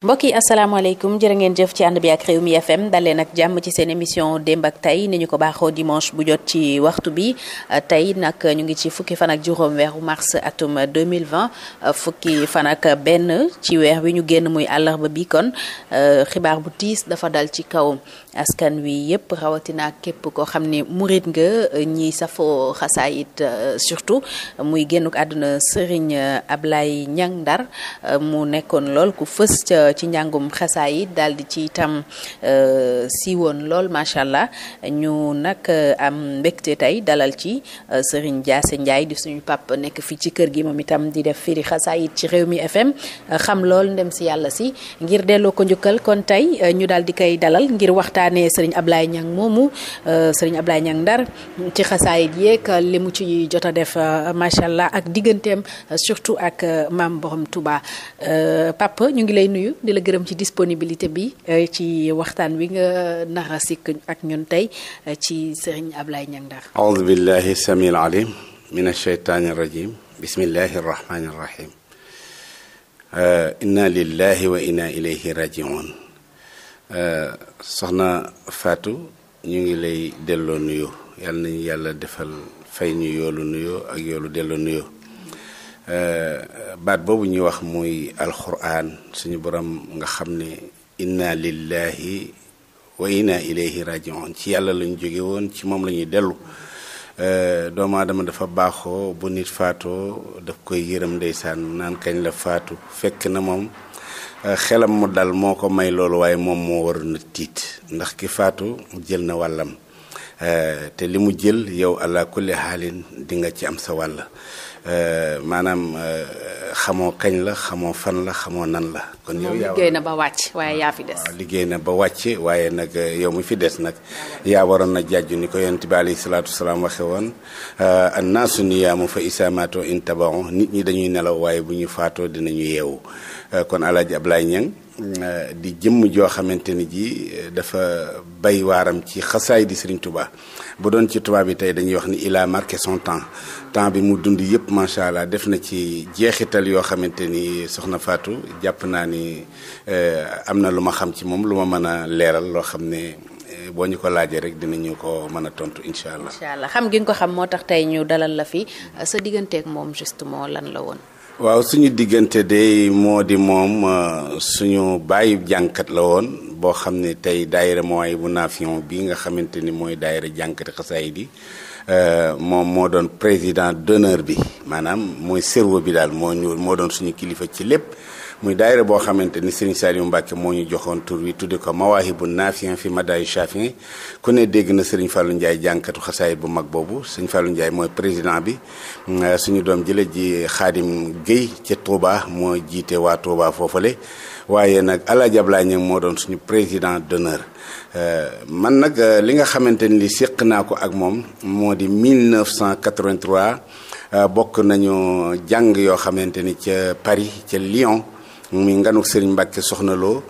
mbokk yi asalaamaaleykum jërë ngeen jëf ci ànd bi ak Rewmi FM dalee nag jàmm ci seen émission démb ak tey ni ñu ko baaxoo dimanche bu jot ci waxtu bi tey nag ñu ngi ci fukki fan ak juróom weeru mars atum 2020 fukki fan ak benn ci weer wi ñu génn muy àllarba bi kon euh, xibaar bu tiis dafa dal ci kawam askan wi yépp rawatina képp koo xam ni murit nga ñiy safoo xasaayit euh, surtout muy génnuk àdduna Serigne Ablaye Niang Ndar euh, mu nekkoon lool ku fës ca ci njàngum xasaayid daal di ci itam euh, siiwoon lool macha allah ñu nag euh, am mbégte tey dalal ci euh, Serigne Diassé Ndiaye di suñu pap nekk fii ci kër gi moom itam di def firi xasaayid ci réew mi FM xam lool ndem si yàlla si ngir delloo ko njukkal kon tey ñu daal di koy dalal ngir waxtaanee Serigne Ablaye Niang moomu Serigne Ablaye Niang Ndar ci xasaayid yeeg li mu ci jot a def macha allah ak digganteem surtout ak maam Borom Touba papa ñu ngi lay nuyu. di la gërëm ci disponibilité bi euh, ci waxtaan wi nga nara ak ñun tey euh, ci sëriñ Ablaye Niang Ndar aoudu billahi samiil alim min asheytaani rajim bismillahi arrahmani arrahim euh, inna lillahi wa inna ilayhi rajiun soxna Fatou ñu ngi lay delloo nuyoo yàlla nañu yàlla defal fay ñu yoolu nuyoo ak yoolu delloo nuyoo Euh, baat boobu ñuy wax muy alquran suñu borom nga xam ni inna lillahi wa inna ilayhi rajiun ci yàlla lañu jóge woon ci moom la ñuy dellu euh, doomu aadama dafa baaxoo bu nit faatoo daf koy yërëm ndeysaan naan kañ la faatu fekk na moom euh, xelam mu dal moo ko may loolu waaye moom moo waroon a tiit ndax ki faatu jël na wàllam te li mu jël yow ala kulli xaalin di ci am sa wàll Euh, maanaam euh, xamoo kañ la xamoo fan la xamoo nan la. kon yow yaa liggéey waaye yaa fi des. liggéey na ba wàcce waaye nag euh, yow mi fi des nag yaa waroon na jàjju ni koy yonent bi alayhi salaatu salaam waxe woon annaasu niyaamu fa isaamaatoo in tabaon nit ñi dañuy nelaw waaye bu ñu faatoo dinañu yeewu kon El Hadj Ablaye Niang Euh, di jëmm joo xamante ni ji euh, dafa bay waaram ci xasaay di Serigne Touba bu doon ci tubaab bi tey dañuy wax ni il a son temps temps bi mu dund yëpp macha allah def na ci jeexital yoo xamante ni soxna faatu jàpp naa ni euh, am na lu ma xam ci moom lu ma mën a leeral loo xam ne boo ñu ko laajee rek dinañu ko mën a tontu incha allah. incha allah xam gi nga ko xam moo tax tey ñu dalal la fi sa digganteeg moom justement lan la woon. waaw suñu diggante de moo di moom euh, suñu bàyyi jànkat la woon boo xam ne tey daayira mooy bu naafion bi nga xamante ni mooy daayira jànkati xasaay di Euh, moom moo doon président d'honneur bi maanaam mooy cerveau bi daal moo ñu moo doon suñu kilifa ci lépp muy daayira boo xamante ni Serigne Saliou Mbacke moo ñu joxoon tour wi tuddi ko ma waa Mawaahibu Naafiyan fi Madaayu Shaafiin ku ne dégg na Serigne Fallou Ndiaye jànkatu xasaay bu mag boobu Serigne falu Ndiaye mooy président bi mm, suñu doom jële ji Xaadim Guèye ca Touba moo jiite waa Touba foofale waaye nag El moo doon suñu président d'honneur euh, man nag euh, li nga xamante ni séq naa ko ak moom moo di 1983 euh, bokk nañu jàng yoo xamante ni ca Paris ca Lyon mi nganu Serigne Mbacke soxna loo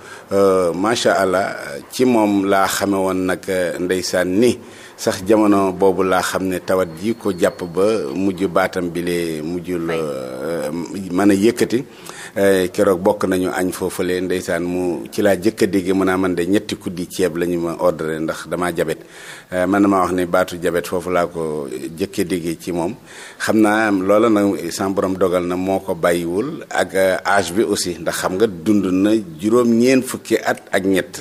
macha allah ci moom laa xame woon nag ndeysaan ni sax jamono boobu laa xam ne tawat ji ko jàpp ba mujj baatam bi lee mujjul mën a yëkkati Eh, keroog bokk nañu añ foofu leen ndeysaan mu ci laa jëkk dégg mën naa man de ñetti kuddi ceeb la ñu ma ordre ndax damaa jabet eh, man ma wax ne baatu jabet foofu laa ko jëkk dégg ci moom xam naa loolu nag sam borom dogal na moo ko bàyyiwul ak eh, âge bi aussi ndax xam nga dund na juróom ñeen fukki at ak ñett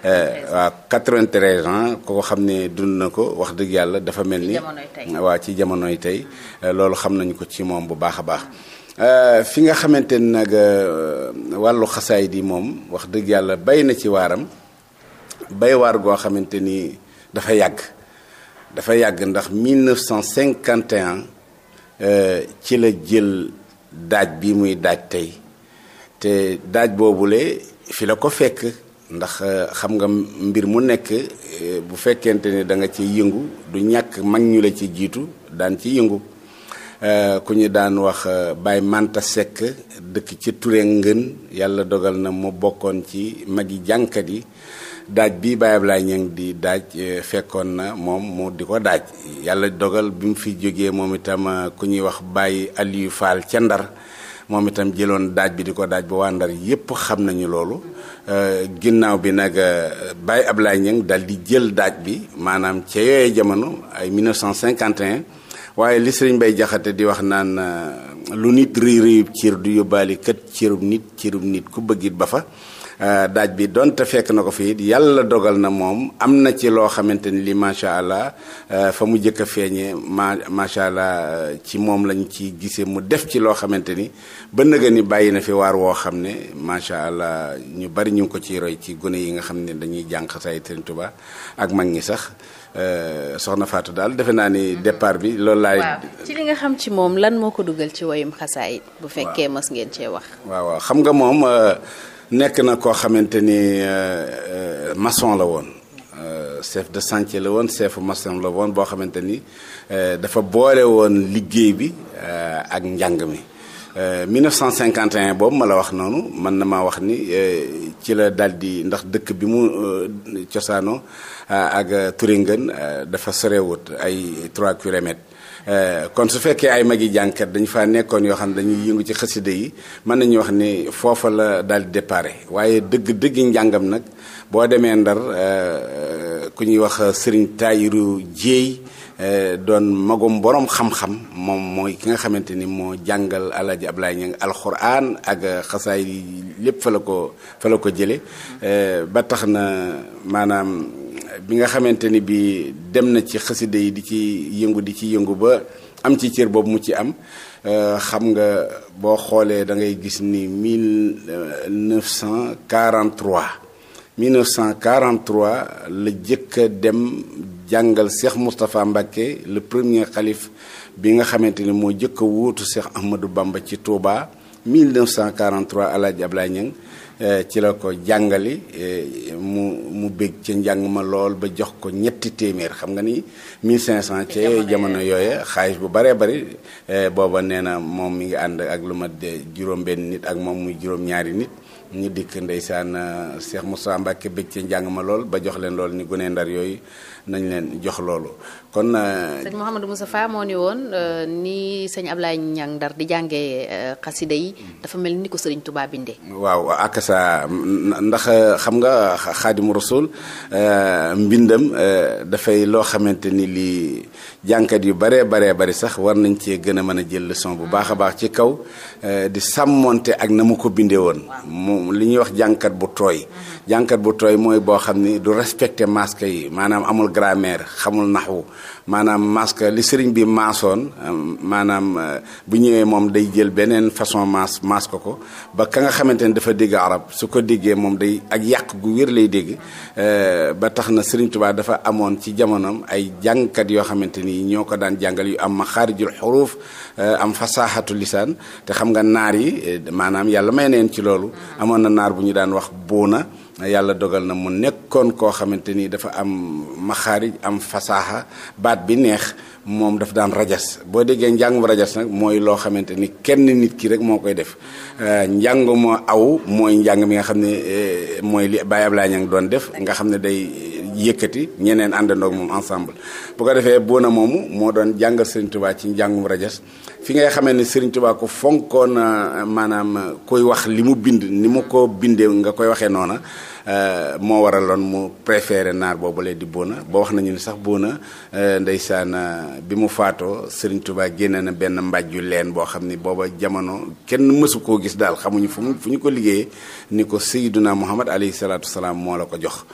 waaw 93 ans koo xam ne dund na ko wax dëgg yàlla dafa mel ni waaw ci jamonoy tey loolu xam nañu ko ci moom bu baax a baax Euh, fi nga xamante ni nag euh, wàllu xasaay di moom wax dëgg yàlla bay na ci waaram bay waar goo xamante ni dafa yàgg dafa yàgg ndax 1951 euh, ci la jël daaj bi muy daaj tey te daaj boobule fi la ko fekk ndax xam nga mbir mu nekk bu fekkente ni da nga ci yëngu du ñàkk mag ñu la ci jiitu daan ci yëngu Euh, ku ñu daan wax euh, Baye Manta Seck dëkk ci Touré ngën yàlla dogal na mu bokkoon ci mag yi jànkat yi daaj bi Baye Ablaye Niang di daaj euh, fekkoon na moom mu di ko daaj yàlla dogal bi mu fi jógee moom itam ku ñuy wax bàyyi Aliou Fall ca Ndar moom itam jëloon daaj bi di ko daaj ba waa Ndar yépp xam nañu loolu ginnaaw bi nag Baye Ablaye Niang dal di jël daaj bi maanaam ca yooyee jamono ay 1951 waaye li sëriñ Mbay Jaxate di wax naan euh, lu nit rëy rëyub cër du yóbbaale kat cërub nit cërub nit ku bëggit ba fa euh, daaj bi donte fekk na ko fii yàlla dogal na moom am na ci loo xamante ni li macha allah euh, fa mu jëkk a feeñee ma macha allah ci moom lañ ci gisee mu def ci loo xamante ni ba nëga bàyyi na fi waar woo xam ne macha allah ñu bari ñu ko ciy roy ci gone yi nga xam ne dañuy jànq say Sëriñ Tuubaa ak mag ñi sax Euh, soxna Fatou daal defe naa ni mhm. départ bi loolu ci li nga xam ci moom lan moo ko dugal ci woyum xasaayit bu fekkee mës ngeen cee wax. waaw waaw xam nga moom euh, nekk na koo xamante ni euh, maçon la woon. chef de sance la woon seefu maçon la woon boo xamante ni dafa boole woon liggéey bi ak njàng mi. 1951 euh, boobu ma la wax noonu man na maa wax ni euh, ci la daal di ndax dëkk bi mu euh, cosaano ak Turingen dafa sorewut ay 3 kilomètres. kon su fekkee ay magi jànkat dañu faa nekkoon yoo xam ne dañuy yëngu ci xasida yi mën nañu wax ni foofa la daal di départ waaye dëgg dëgg njàngam nag boo demee ndar ku ñuy wax Serigne Tayiru Jéey Eh, doon magum borom xam-xam moom mooy ki nga xamante ni moo jàngal Alaaji Ablaay Ñang alxuraan ak eh, xasaay lépp fa la ko fa la ko jële eh, ba tax na maanaam bi nga xamante ni bi dem na ci xasida yi di ci yëngu di ci yëngu ba am ci cër boobu mu ci am xam nga boo xoolee da ngay gis ni 1943 1943 la jëkk a dem jàngal Cheikh Moustapha Mbacké le premier xalif bi nga xamante ni moo jëkk a wuutu Cheikh Ahmadou Bamba ci Touba 1943 Alaaji Ablaye Niang eh, ci la ko jàngali eh, mu mu bég ca njàng ma lool ba jox ko ñetti téeméer xam nga ni 1500 ci jamono yooye xaalis bu baree bari eh, booba nee na moom mi ngi ànd ak lu ma juróom benn nit ak moom muy juróom ñaari nit ñu dikk ndeysaan euh, Cheikh Moussa Mbacke bëgg ci njàng ma lool ba jox leen lool ni gune ndar yooyu nañ leen jox loolu kon. Euh, sëñ Mouhamadou Moustapha moo ni woon euh, ni sëñ Ablaye Niang Ndar di jàngee euh, xasida yi mm. dafa mel ni ko sëriñ Touba bindee. waaw akasa ndax xam nga xaadimu rasul mbindam dafay loo xamante ni lii jànkat yu baree baree bari sax war nañ cee gën a mën a jël leçon bu baax a mm. baax ci kaw di sàmmonte ak na mu ko bindee woon. li ñuy wax jànkat bu tooy. Mm-hmm. jànkat bu tooy mooy boo xam ni du respecté masque yi maanaam amul grammaire xamul naxwu maanaam masque li sëriñ bi maasoon euh, maanaam euh, bu ñëwee moom day jël beneen façon maas masque ko ba ka nga xamante ne dafa dégg arab su ko déggee moom day ak yàq gu wér lay dégg euh, ba tax na sëriñ Tuubaa dafa amoon ci jamonoom ay jànkat yoo xamante ni ñoo ko daan jàngal yu am maxaarijul xuruuf Euh, am fasaaxatu lisaan te xam nga naar yi euh, maanaam yàlla may neen ci loolu mm. amoon na naar bu ñu daan wax buuna yàlla dogal na mu nekkoon koo xamante ni dafa am maxaarij am fasaaxa baat bi neex moom daf daan rajas boo degee njàngum rajas nag mooy loo xamante ni kenn nit ki rek moo koy def euh, njànguma aw mooy njàng mi nga xam ne mooy li Baye Ablaye Niang doon def nga xam ne day yëkkati ñeneen àndandoog moom ensemble bu ko defee buuna moomu moo doon jàngal Sëriñ ci njàngum rajas fi ngay xamee ne Serigne Touba ko fonkoon euh, maanaam euh, koy wax li mu bind ni mu ko bindee nga koy waxee noona euh, moo waraloon mu préféré naar boobu lee di Bouna ba wax nañu ni sax Bouna ndeysaan bi mu faatoo Serigne Touba génne na benn mbàjju leen boo xam ni booba jamono kenn mësu koo gis daal xamuñu fu mu fu ñu ko liggéeyee ni ko Seydina Muhammad alayhi salaatu salaam moo la ko jox.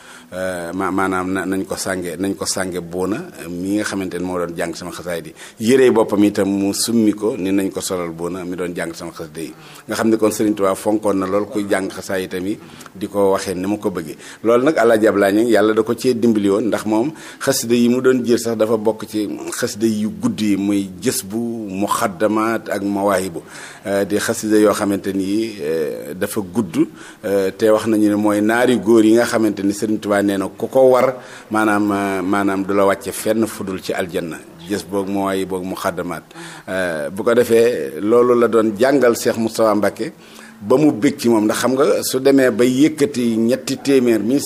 ma maanaam nañ ko sànge nañ ko sànge Bouna mi nga xamante ne moo doon jàng sama xasaay di yëree boppam itam mu summi ko ni nañ ko solal buuna mi doon jàng sama xasida yi nga xam ne kon Serigne fonkoon na lool kuy jàng xasaay itam yi di ko waxee ni ma ko bëggee lool nag àlla jablaa ñi yàlla da ko cee dimbali woon ndax moom xasida yi mu doon jël sax dafa bokk ci xasida yu gudd yi muy jës bu muxaddamaat ak mawaahibu eh, di xasida yoo xamante ni eh, dafa gudd eh, te wax nañu ne mooy naari góor yi nga xamante ni Serigne Touba nee na ku ko war maanaam maanaam du la wàcce fenn fudul ci aljanna jës boog mooy boog mu xaddamaat euh, bu ko defee loolu la doon jàngal Cheikh Moustapha Mbacké ba mu bég ci moom ndax xam nga su demee ba yëkkati ñetti téeméer mille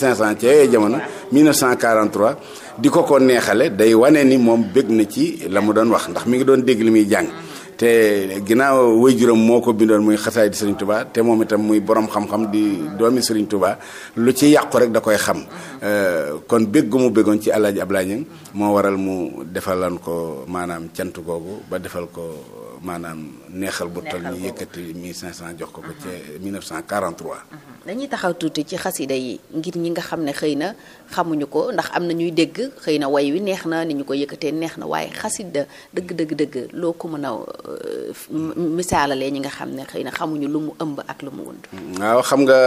cinq cent ca yooyu jamono 1943 di ko ko neexale day wane ni moom bég na ci la mu doon wax ndax mi ngi doon dégg li muy jàng te ginnaaw waajuram moo ko bindoon muy xasaay di Serigne tubaa te moom itam muy borom xam-xam di doomi Serigne tubaa lu ci yàqu rek da koy xam euh, kon bég gu béggoon ci Alaaji Ablaye Niang moo waral mu defalan ko maanaam cant googu ba defal ko maanaam neexal bu toll ñu yëkkati 1500 jox ko ko ca mhm. 1943. Mhm. dañuy taxaw tuuti ci xasida yi ngir ñi nga xam ne xëy na xamuñu ko ndax am na ñuy dégg xëy na way wi neex na ni ñu ko yëkkatee neex na waaye xasida dëgg dëgg dëgg loo ko mën a euh, misaalalee ñi nga xam ne xëy na xamuñu lu mu ëmb ak lu mu wund. Mm-hmm. waaw xam nga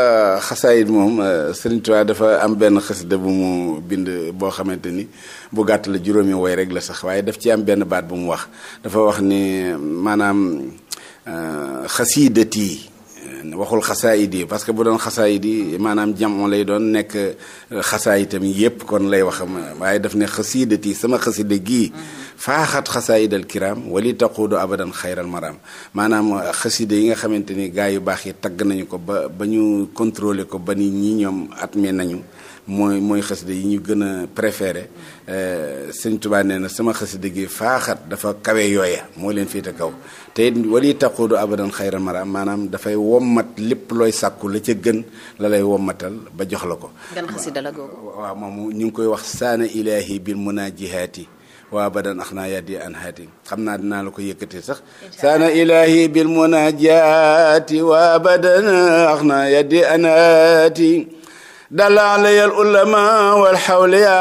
xasaayit moom euh, Serigne Touba dafa am benn xasida bu mu bind boo xamante ni bu gàtt la juróomi way rek la sax waaye daf ci am benn baat bu mu wax dafa wax Euh, xasiidati euh, waxul xasaayid yi parce que bu doon xasaayid yi maanaam jamono lay doon nekk euh, xasaayitam yépp kon lay wax waaye daf ne xasiidati sama xasida gii faaxat xasaayidal kiram wali taquudu abadan xayral maram maanaam xasida yi nga xamante ni gaa yu baax yi tagg nañu ko ba ba ñu contrôler ko ba ni ñi ñoom atme nañu mooy mooy xasida yi ñu gën a préféré sëñ Tuubaa nee na sama xasida gi faaxat dafa kawe yooya moo leen féete kaw te it wali abadan xayra mara maanaam dafay wommat lépp looy sàkku la ca gën la lay wommatal ba jox la ko. waaw moom ñu ngi koy wax saana ilaahi bil munaajihaati waa badan ax naa yaddi an haati xam naa dinaa la ko yëkkati sax saana ilaahi wal xawliya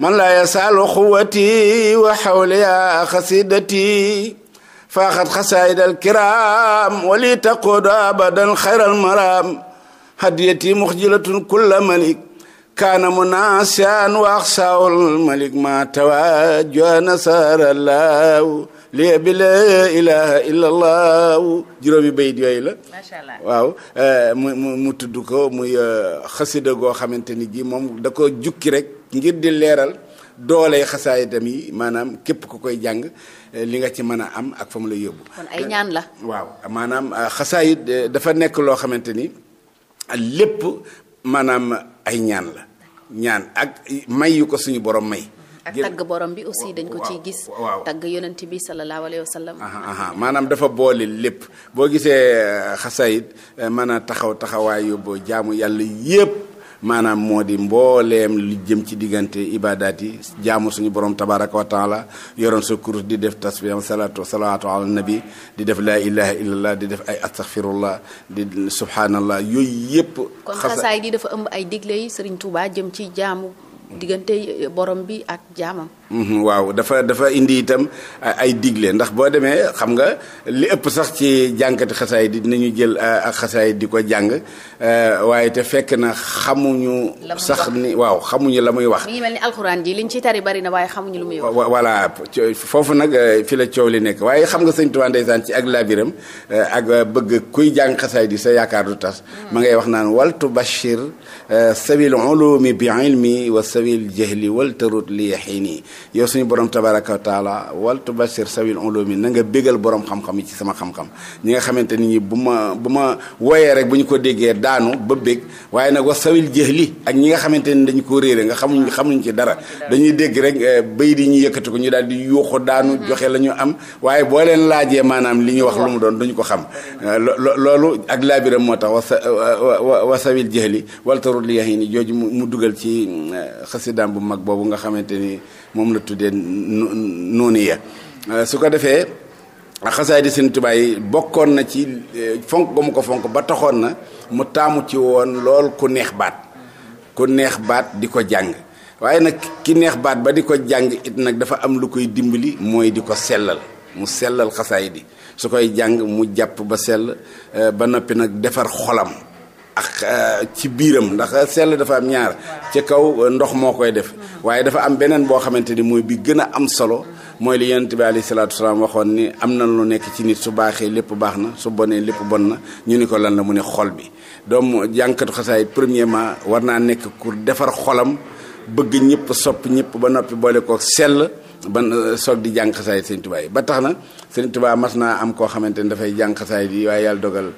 man laa yasaalu xuwati wa xawliya xasidati فاخذ خسائد الكرام ولي تقود أبدا خير المرام هديتي مخجلة كل ملك كان مناسيا وأخساه الملك ما تواجه نصر الله lii bi la ilaha illallah juróomi bayit yooyu la. macha allah waaw mu mu mu tudd ko muy xasida goo xamante ni ji moom da ko jukki rek ngir di leeral. doole xasaayidam yi maanaam képp ku koy jàng eh, li nga ci mën a am ak fa mu lay yóbbu. kon ay ñaan la. waaw maanaam eh, xasaayid eh, dafa nekk loo xamante ni lépp maanaam ay ñaan la. ñaan ak may yu ko suñu borom may. ak tagg borom bi aussi dañ ko ciy gis. waaw tagg yonent bi sallallahu alayhi wa sallam. maanaam dafa boole lépp boo gisee xasaayid mën a taxaw taxawaayu bu jaamu yàlla yépp maanaam moo di mbooleem lu jëm ci diggante ibaadaat yi jaamu suñu borom tabaraka wa taala yoroon sa kurus di def tasbiham salaatu salaatu ala di def laa ilaha illallah di def ay astaghfirullah di subhanallah yooyu yëpp kon xasaay di dafa ëmb ay digle yi Sëriñ Tuubaa jëm ci jaamu diggante borom bi ak jaamam Mhm, waaw dafa dafa indi itam ay digle ndax boo demee xam nga li ëpp sax ci jànkati xasaay di dinañu jël ak xasaay di ko jàng waaye te fekk na xamuñu. sax ni waaw xamuñu la muy wax. mi mel ni alxuraan ji liñ ci tari bari na waaye xamuñu lu muy voilà foofu nag fi la coow li nekk waaye xam nga sëñ Tuubaa ndeysaan ci ak labiram ak bëgg kuy jàng xasaay di sa yaakaar du tas. Hmm. ma ngay wax naan wal tubashir sabil ulumi bi ilmi wa sabil jahli wal tarut li yaxini yow suñu borom tabaraka wa taala wal tubashir sawil ulumi na nanga bégal boroom xam-xam yi ci sama xam-xam ñi nga xamante ni ñi bu ma bu ma wooyee rek bu ñu ko déggee daanu ba bég waaye nag wax sawil jëhli ak ñi nga xamante ni dañu ko réere nga xamuñ xamuñ ci dara dañuy dégg rek eh, bay di ñu yëkkati ko ñu daal di yuuxu daanu mm-hmm. joxe la ñu am waaye boo leen laajee maanaam li ñu wax lu mu doon dañu ko xam eh, loolu ak laabiram moo tax wa wasawil jëhli wal tarul yahini jooju mu dugal ci eh, xasidaam bu mag boobu nga xamante ni moom la tuddee noonu ya euh, su ko defee xasaay di seen tubaay bokkoon na ci euh, fonk ba mu ko fonk ba taxoon na mu taamu ci woon lool ku neex baat ku neex baat di ko jàng waaye nag ki neex baat ba di ko jàng it nag dafa am lu koy dimbali mooy di ko sellal mu sellal xasaay di su koy jàng mu jàpp ba sell euh, ba noppi nag defar xolam Euh, ci biiram ndax sell dafa am ñaar ci kaw euh, ndox moo koy def mm-hmm. waaye dafa am beneen boo xamante ni mooy bi gën a am solo mooy li yonent bi alayhi salaatu salaam waxoon ni am na lu nekk ci nit su baaxee lépp baax na su bonee lépp bon na ñu ni ko lan la mu ne xol bi doomu jànkatu xasaay premièrement war naa nekk ku defar xolam bëgg ñëpp sopp ñëpp ba noppi boole ko sell ban euh, soog di jàng xasaay sëñ Tuubaa ba tax na sëñ Tuubaa mas naa am koo xamante ni dafay jàng xasaay yi waaye yàlla dogal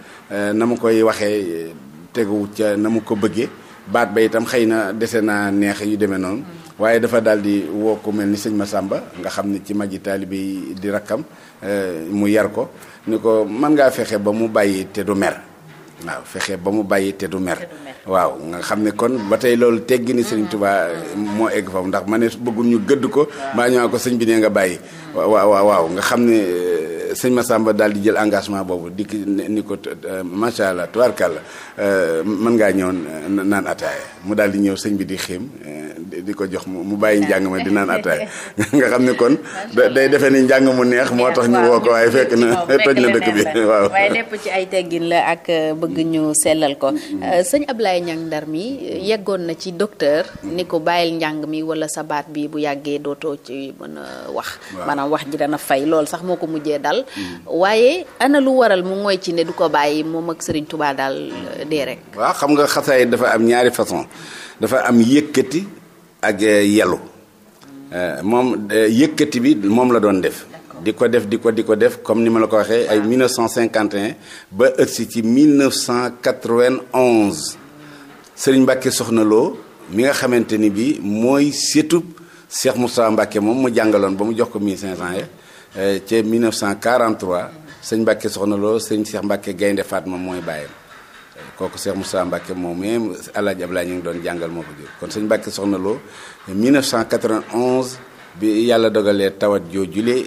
na ma koy waxee tegu ca na mu ko bëggee baat ba itam xëy na dese naa neex yu demee noonu waaye dafa daal di woo ko mel ni sëñ ma sàmba nga xam ne ci magi taalibe yi di rakkam eh, mu yar ko ni ko man ngaa fexe ba mu bàyyi te du mer waaw fexe ba mu bàyyi te du mer waaw nga xam ne kon ba tey loolu teggi ni sëñ tubaa eh, moo egg foofu ndax ma ne bëggul ñu gëdd ko mbaa ñoo ko sëñ bi ne nga bàyyi waaw nga xam ne eh, sëñ Massamba daal di jël engagement boobu di ni ko macha allah tubaarkàlla euh, mën ngaa ñëw euh, naan ataaya mu daal di ñëw sëñ bi di xiim euh, di ko jox mu bàyyi njàng ma di naan ataaya nga xam ne kon day defee ni njàng mu neex moo tax ñu woo ko waaye fekk na toj na dëkk bi waaw waaye lépp ci ay teggin la ak bëgg ñu sellal ko mm-hmm. sëñ Ablaye Niang Ndar mi yeggoon na ci docteur mm-hmm. ni ko bàyyil njàng mi wala baat bi bu yàggee dootoo ci mën a wax maanaam wax ji dana waral. waaye ana lu waral mu mooy ci ne du ko bàyyi moom ak Serigne Touba daal euh, dee rek. waaw xam nga xasaay dafa am ñaari façon dafa am yëkkati ak euh, yelu euh, moom yëkkati bi moom la doon def. di ko def di ko di ko def comme ni ma la ko waxee ay 1951 ba ëgsi ci 1991 sëriñ Mbacke Soxna Lo mi nga xamante ni bii mooy sétub Cheikh Moustapha Mbacke moom mu jàngaloon ba mu jox ko 1500 ya Eh, ci 1943 sëñ Mbacke soxna loo sëñ Cheikh Mbacke Gaynde Fatma mooy bàyyam eh, kooku Cheikh Moussa Mbacke moom même El Hadj Abdoulaye ñu ngi doon jàngal moo ko jur kon sëñ Mbacke soxna loo eh, 1991 bi yàlla dogalee tawat joojule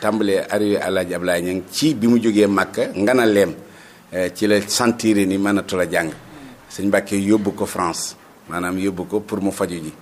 tàmbalee arrivé El Hadj Abdoulaye ñu ngi ci bi mu jógee Màkka ngana leem ci la sentir ni mënatul a jàng sëñ Mbacke yóbbu ko France maanaam yóbbu ko pour mu faju ji.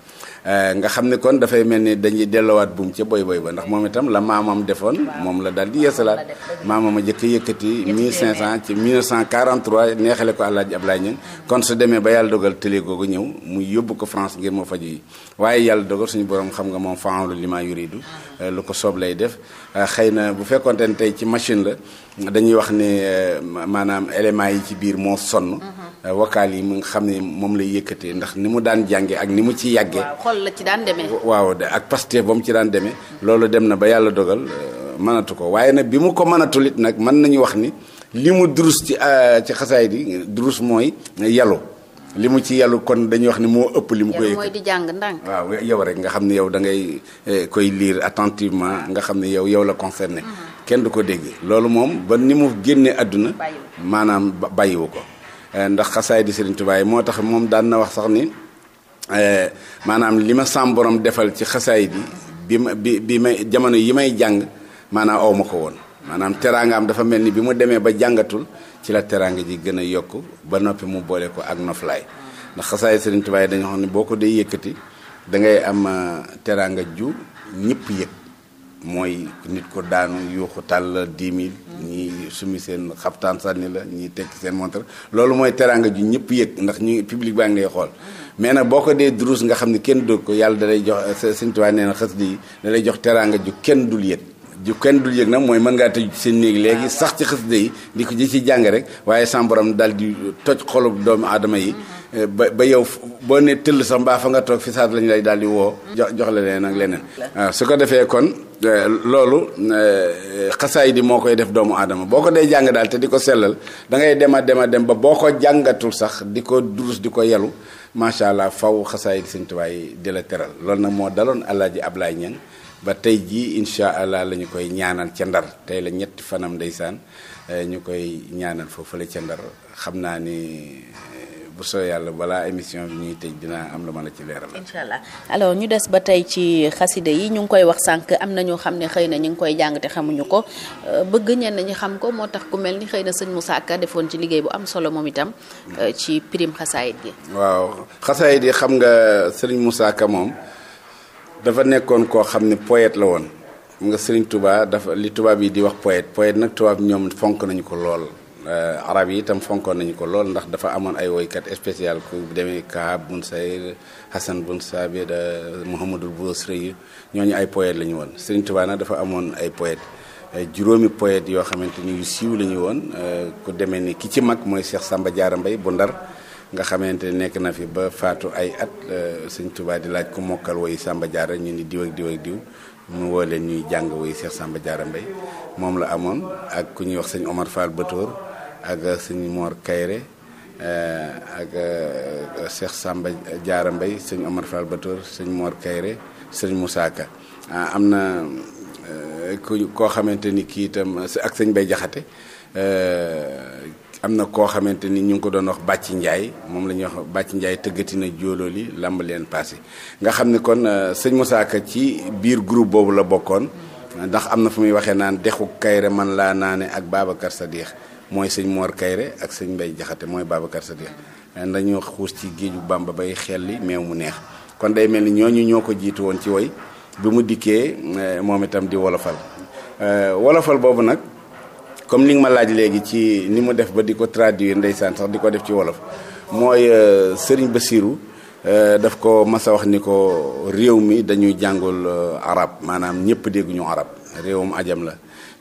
Eh, nga xam ne kon dafay mel ni dañuy dellowaat buum ci boy boy ba ndax moom itam la maamam defoon moom la daal di yeesalaat maamam a jëkk yëkkati 1500 ci 1943 neexale ko Alaaji Ablaay Ñaŋ kon su demee ba yàlla dogal télé googu ñëw mu yóbbu ko France ngir moo faju yi waaye yàlla dogal suñu borom xam nga moom fa'aalu limaa yuriidu ah. eh, lu ko soob lay def eh, xëy na bu fekkoonte ne tey ci machine la dañuy wax ne euh, maanaam éléments yi ci biir moo sonn. Mhm. Euh, vocal yi mu nga xam ne moom lay yëkkatee ndax ni mu daan jàngee ak ni mu ci yàggee. waaw xol la ci daan demee. ak pasté ba mu ci daan demee. loolu dem na ba yàlla dogal euh, mënatu ko waaye nag bi mu ko mënatul it nag mën nañu wax ni li mu durus ci ci xasaay di durus mooy yalu. li mu ci yàllu kon dañuy wax ni moo ëpp li mu koy mooy jàng waaw yow rek nga xam ne yow da ngay koy liir attentivement nga xam ne yow yow la concerné mhm. kenn du ko dégg loolu moom ba ni mu génnee àdduna maanaam bàyyiwu ko eh, ndax xasaay di Serigne Touba moo tax moom daan na wax sax ni eh, maanaam li ma sam borom defal ci xasaay bi bi ma bi bi may jamono yi may jàng maanaam awma ko woon maanaam teraanga teraangaam dafa mel ni bi mu demee ba jàngatul ci la teraanga ji gën a yokk ba noppi mu boole ko ak noflaay ndax xasaay Serigne Touba yi dañoo xam ne boo ko dee yëkkati dangay am eh, teraanga ju ñépp yëg mooy nit ko daanu yuuxu tàll dix mille ñii sumi seen xabtaan sànni la ñii tekki seen montre loolu mooy teraanga ju ñëpp yëg ndax ñu public baa ngi lay xool mais nag boo ko dee durus nga xam ne kenn dóg ko yàlla da jox Sëñ Tuubaa nee na xës di dalay jox teraanga ju kenn dul yëg ju kenn dul yëg nag mooy mën ngaa tëj seen néeg léegi sax ci xës de yi di ko ji ci jàng rek waaye sa borom daal di toj xolub doomu aadama yi Eh, ba ba yow boo ne tëll sax mbaa fa nga toog fi saas lañ lay daal di woo. jox jox la leen ak leneen. waaw ah, su ko defee kon eh, loolu eh, xasaay di moo koy def doomu aadama boo ko dee jàng daal te di ko sellal dangay ngay dem a dem a dem ba boo ko jàngatul sax di ko durus di ko yelu macha allah faw xasaay di Sëñ Tuubaa di la teral loolu nag moo daloon Alaaji Ablaay Ñaŋ ba tey jii incha allah lañu koy ñaanal ca ndar tey la ñetti fanam ndeysaan ñu koy ñaanal foofu la ca ndar xam naa ni. bu soo yàlla balaa émission bi ñuy tëj dinaa am la mën a ci leeral. incha allah alors ñu des ba tey ci xasida yi ñu ngi koy wax sànq am na ñoo xam ne xëy na ñu ngi koy jàng te xamuñu ko euh, bëgg ñenn ñi xam ko moo tax ku mel ni xëy na sëñ Moussa defoon ci liggéey bu am solo moom itam euh, ci prime xasaayit gi. waaw xasayit yi xam nga sëriñ Moussa Ka moom dafa nekkoon koo xam ne poète la woon nga sëriñ Touba dafa li tubaab yi di wax poète poète nag tubaab ñoom fonk nañu ko lool. Euh, arab yi itam fonkoon nañu ko lool ndax dafa amoon ay woykat spécial ku demee Kaab bun Sayr Hassan bun Sabit euh, Mouhamadul Bousri ñooñu ay poète la ñu woon Serigne Touba nag dafa amoon ay poète juróomi poète yoo xamante ni yu siiw la ñu woon euh, ku demee ni ki ci mag mooy Cheikh Samba Diarra Mbaye bu Ndar nga xamante nekk na fi ba faatu ay at Serigne Touba di laaj ku mokkal woyu Samba Diarra ñu ni diw ak diw diw mu woo leen ñuy jàng woyu Cheikh Samba Diarra Mbaye moom la amoon ak ku ñuy wax sëñ Omar Fall Batoor ak sëñ Mor Kayre eh, ak eh, Cheikh Samba Diarra Mbaye sëñ Omar Fall Batoor sëñ Mor Kayre sëñ Moussa ah, am na eh, ku koo xamante ni kii itam ak sëñ Bay Jaxate am na koo xamante ni ñu ngi ko doon wax Bàcci njaay moom la ñuy wax Bàcci njaay tëggati na jóoloo li lamb leen passé nga xam ni kon sëñ Moussa ci biir groupe boobu la bokkoon ndax am na fu muy waxee naan dexu Kayre man laa naane ak sa Sadikh mooy sëñ Mor Kayre ak sëñ Mbay Jaxate mooy Babacar Sadikh dañoo xuus ci géeju Bàmba bay xel li meew mu neex kon day mel ni ñooñu ñoo ko jiitu woon ci woy bi mu dikkee eh, moom itam di wolofal eh, wolofal boobu nag comme ni nga ma laaj léegi ci ni mu def ba di ko traduire ndeysaan sax di ko def ci wolof mooy eh, sëriñ Basiru daf ko mas a wax ni ko réew mi dañuy jàngul arab maanaam ñëpp dégguñu arab réewum ajam la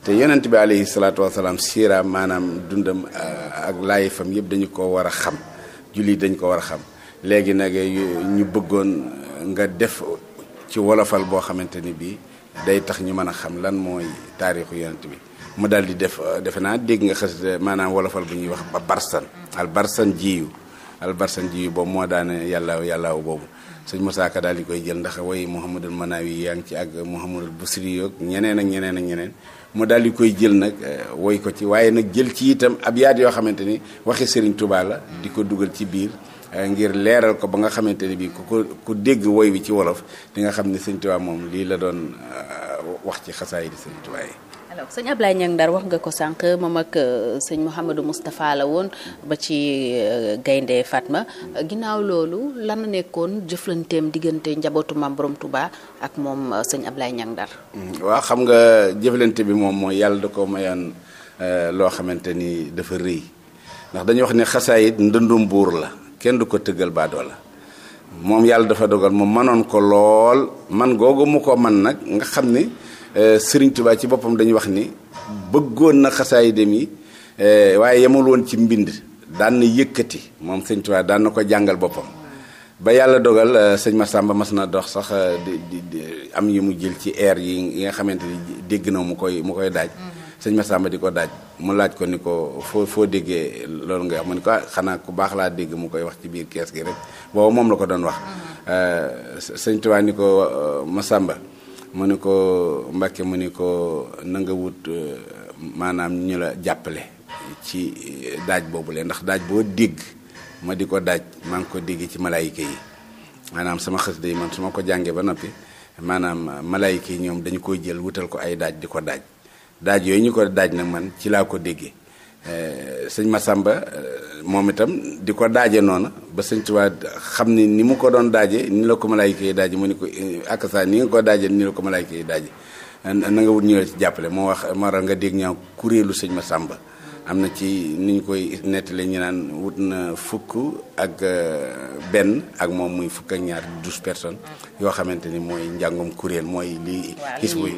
te yonent bi alayhi salaatu wasalaam siira maanaam dundam uh, ak laayifam yëpp dañu ko war a xam jullit dañ ko war a xam léegi nag ñu bëggoon nga def ci wolofal boo xamante ni bii day tax ñu mën a xam lan mooy taarixu yonent bi mu daal di def uh, defe naa dégg nga xës uh, maanaam wolofal bu ñuy wax ba barsan al barsan jiyu al barsan jiyu boobu moo daane yàlla yàllaaw boobu sëñ Moussa Ka daal di koy jël ndax way Mouhamadul Manawi yaa ngi ci ak Mouhamadul Busri yoog ñeneen ak ñeneen ak ñeneen mu daal di koy jël nag euh, woy ko ci waaye nag jël ci itam ab yaat yoo xamante ni waxi Serigne Touba la di ko dugal ci biir euh, ngir leeral ko ba nga xamante ni bii ku ko ku dégg woy wi ci wolof di nga xam ni Serigne Touba moom lii la doon euh, wax ci xasaay di Serigne Touba alors sëñ Ablaye Niang wax nga ko sànq moom ak euh, sëñ Mouhamadou Moustapha la woon ba ci euh, gaynde Fatma ginnaaw loolu lan nekkoon jëflanteem diggante njabootu maam tubaa ak moom euh, sëñ Ablaye Niang Ndar. Mm, waaw xam nga jëflante bi moom mooy yàlla da ko mayoon loo xamante ni dafa rëy ndax dañuy wax ne xasaayit ndëndum buur la kenn du ko tëggal baadoo la moom yàlla dafa dogal mu mënoon ko lool man googu mu ko man nag nga xam ni. Euh, Serigne Touba ci boppam dañuy wax ni bëggoon na xasaay dem yi euh, waaye yemul ci mbind daan na yëkkati moom Serigne Touba daan na ko jàngal boppam ba yàlla dogal euh, sëñ ma Massamba mas na dox sax di di am yi mu jël ci air yi nga xamante ni dégg na mu koy mu koy daaj mm-hmm. sëñ Massamba di ko daaj mu laaj ko ni ko foo foo déggee loolu nga wax mu ni ko ah, xanaa ku baax laa dégg mu koy wax ci biir kees gi rek booba moom la ko doon wax mm-hmm. sëñ Touba ni ko Massamba mu ne ko Mbàkke mu ni ko na nga wut eh, maanaam ñu la jàppale ci eh, daaj boobu le ndax daaj boo dégg ma di ko daaj maa ngi ko dégg ci malaayika yi maanaam sama xasida yi man su ma ko jàngee ba noppi maanaam malaayika yi ñoom dañu koy jël wutal ko ay daaj di ko daaj daaj yooyu ñu ko daaj nag man ci laa ko déggee Euh, sëñ ma Massamba euh, moom itam di ko daaje noona ba sëñ Tuubaa xam ni ni mu ko doon daaje ni la ko malaayika yi daaj mu ni ko euh, ak saa ni nga ko daaje ni la ko malaayika yi daaj na nga wut ñëwee ci jàppale moo wax moo waral nga dégg ñaaw kuréelu sëñ ma Massamba am na ci ni ñu koy nettalee ñu naan wut na fukk ak euh, benn ak moom muy fukk ak ñaar douze personnes yoo xamante ni mooy njàngum kuréel mooy li xisbu yi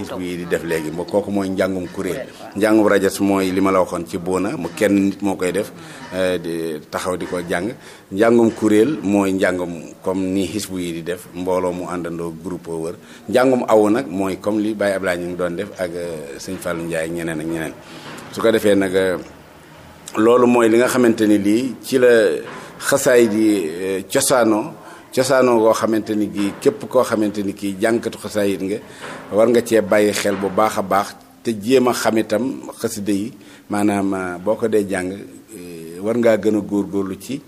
xisbu di def léegi ba kooku mooy njàngum kuréel njàngum rajas mooy li ma la waxoon ci boona mu kenn nit moo koy def euh, di taxaw di ko jàng njàngum kuréel mooy njàngum comme ni xisbu yi di def mbooloo mu àndandoo groupe wër njàngum awu nag mooy comme li Baye laa ñu ngi doon def ak euh, sëñ Fallou Ndiaye ñeneen ak ñeneen su ko defee nag euh, loolu mooy li nga xamante ni lii ci la xasaay di euh, cosaano cosaano koo xamante ni kii képp koo xamante ni kii jànkatu yit nga war nga cee bàyyi xel bu baax a baax te jéem a xam itam xasida yi maanaam euh, boo ko dee jàng war ngaa gën a góorlu ci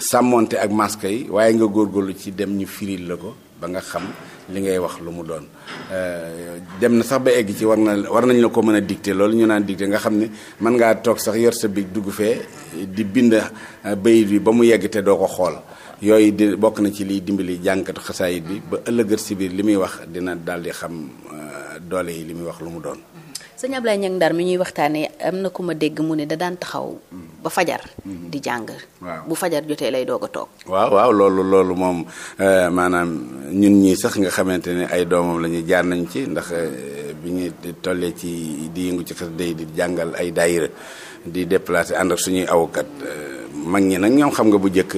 sàmmoonte ak masque yi waaye nga góor góorgóorlu ci dem ñu firil la ko ba nga xam li ngay wax lu mu doon euh, dem na sax ba egg ci war na war nañ la ko mën a dicté loolu ñu naan dicté nga xam ne mën ngaa toog sax yor sa bic dugg fee di bind euh, bayit bi ba mu yegg te doo ko xool yooyu di bokk na ci liy dimbali jànkatu xasaayit bi ba ëllëgër si biir li muy wax dina daal di xam euh, doole yi li muy wax lu mu doon sëñ Ablaye Niang Ndar mi ñuy waxtaanee am na ku ma dégg mu ne da daan ba fajar. Mm-hmm. di jàng. bu fajar jotee lay doog a toog. waaw waaw loolu loolu moom eh, maanaam ñun ñii sax nga xamante ne ay doomam la ñuy jaar nañ ci ndax eh, bi ñuy tollee ci di yëngu ci xasida yi di jàngal ay daayira di déplacer ànd ak suñuy awkat eh, mag ñi nag ñoom xam nga bu njëkk.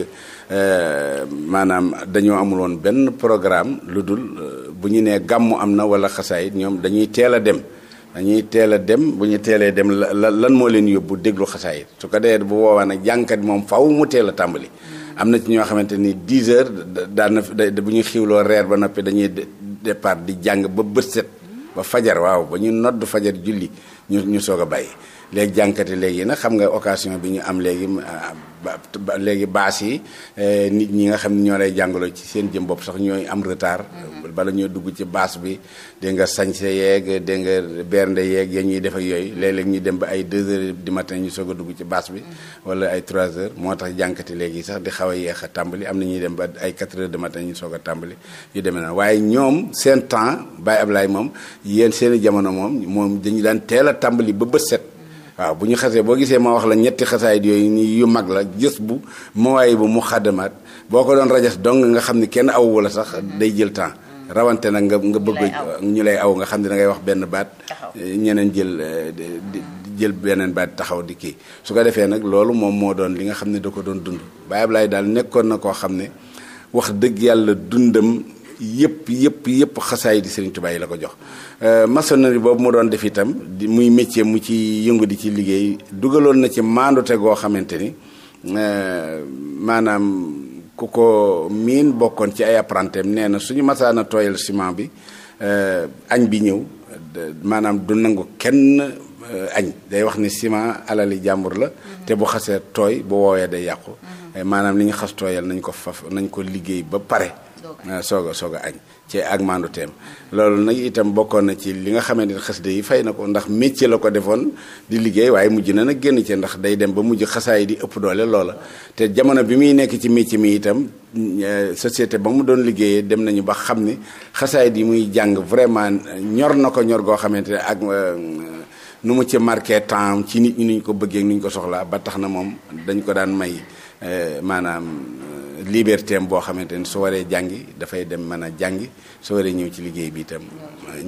maanaam dañoo amuloon benn programme lu dul bu ñu nee gàmmu am na wala xasaayit ñoom dañuy teel a dem dañuy teel a dem bu ñu teelee dem la lan moo leen yóbbu déglu xasaayit su ko dee bu boobaa nag jàngkat moom faw mu teel a tàmbali. Mm. am na ci ñoo xamante ni 10 heures daan na bu ñu xiwloo reer ba noppi dañuy départ di jàng ba bët set ba fajar waaw ba ñu nodd fajar julli ñu ñu soog a bàyyi. léegi jànkate léegi nag xam nga occasion bi ñu am léegi léegi baas yi eh, nit ñi nga xam ne ñoo lay jàngaloo ci seen jëm bopp sax ñooy am retard mm-hmm. bala ñoo dugg ci baas bi dégg nga sañse yeeg dégg nga bernde yeeg ya ñuy def ak yooyu léeg-léeg ñu dem ba ay 2 heures du matin ñu soog a dugg ci baas bi mm-hmm. wala ay 3 heures moo tax jànkate léegi sax di xaw a yeex a tàmbali am na ñuy dem ba ay 4 heures du matin ñu soog a tàmbali ñu demee na waaye ñoom seen temps Baye Ablaye moom yéen seen i jamono moom moom dañu daan teel a tàmbali ba bët waaw bu ñu xasee boo gisee ma wax la ñetti xasaayit yooyu nii yu mag la jës bu mawaay bu mu xàddamaat boo ko doon rajas dong nga xam ne kenn awu la sax mm-hmm. day jël temps rawante nag nga nga bëgg ñu lay aw nga xam ne da ngay wax benn baat eh, ñeneen jël eh, jël beneen baat taxaw di kii su ko defee nag loolu moom moo doon li nga xam ne da ko doon dund Baye Ablaye daal nekkoon na koo xam ne wax dëgg yàlla dundam yëpp yëpp yëpp xasaay di Serigne Touba yi la ko jox euh, maçonnerie boobu mu doon def itam di muy métier mu ci yëngu di ci liggéey dugaloon na ci maandute goo xamante ni euh, maanaam ku ko miin bokkoon ci ay apprentim nee na suñu masaana tooyal ciment bi euh, añ bi ñëw maanaam du nangu kenn añ day wax ni ciment alali jàmbur la te bu xasee tooy bu woowee day yàqu mm-hmm. maanaam li ñu xas tooyal nañ ko faf nañ ko liggéey ba pare waaw ah, soog a soog a añ ci ak maandu teem loolu nag itam bokkoon na ci li nga xamante ne xasida yi fay na ko ndax métier la ko defoon di liggéey waaye mujj na nag génn ci ndax day dem ba mujj xasaay di ëpp doole loola te jamono bi muy nekk ci métier mi itam eh, société ba mu doon liggéeyee dem nañu ba xam ni xasaay yi muy jàng vraiment ñor na ko ñor goo xamante ne ak eh, nu mu ci marqué temps ci nit ñi ni ko bëggee nuñ ko soxlaa ba tax na moom dañ ko daan may eh, maanaam liberté am boo xamante ni su waree jàngi dafay dem mën a jàngi su waree ñëw ci liggéey bi itam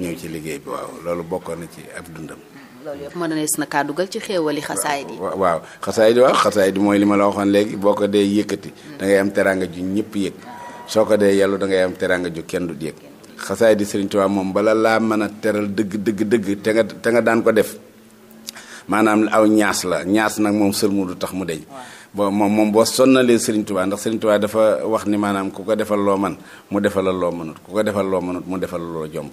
ñëw ci liggéey bi waaw loolu bokkoon na ci ab dundam. loolu yëpp mën na kaa dugal ci xéewali xasaay di waaw xasaay mooy li ma la waxoon léegi boo ko dee yëkkati dangay am teraanga ju ñëpp yëg soo ko dee yàlla da ngay am teraanga ju kenn du yëg xasaay di Sëriñ Tuubaa moom bala laa mën a teral dëgg dëgg dëgg te nga te nga daan ko def maanaam aw ñaas la ñaas nag moom sël mu du tax mu deñ bo moom moom boo sonnalee Serigne Touba ndax Serigne Touba dafa wax ni maanaam ku ko defal loo man mu defalal loo mënut ku ko defal loo mënut mu defal loo jomb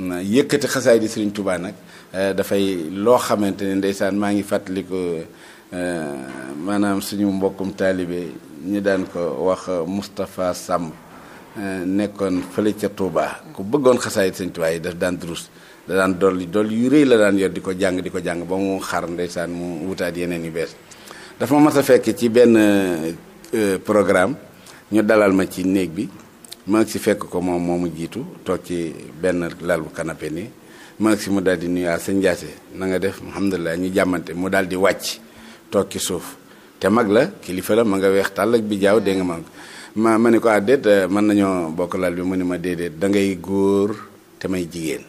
mm, yëkkati xasaay di Serigne Touba nag eh, dafay loo xamante ne ndeysaan maa ngi fàttaliku eh, maanaam suñu mbokkum taalibe ñu daan ko wax Moustapha sàmm eh, nekkoon fële ca Touba ku bëggoon xasaay Serigne Touba yi daf daan durus da daan dolli dolli yu rëy la daan yor di ko jàng di ko jàng ba mu xar ndeysaan mu wutaat yeneen yu bees dafa ma mas a fekk ci benn euh, euh, programme ñu dalal ma ci néeg bi ma si fekk ko moom moo mu jiitu toog ci benn lal bu canapé nii ma si mu daal di nuyu ah, sëñ na nga def alhamdulilah ñu jàmmante mu daal di wàcc toog ci suuf te mag la kilifa la ma nga weex tàll ak bi jaaw dégg ma ma ma ne ko ah déet euh, mën nañoo bokk lal bi mu ni ma déedéet da ngay góor te may jigéen.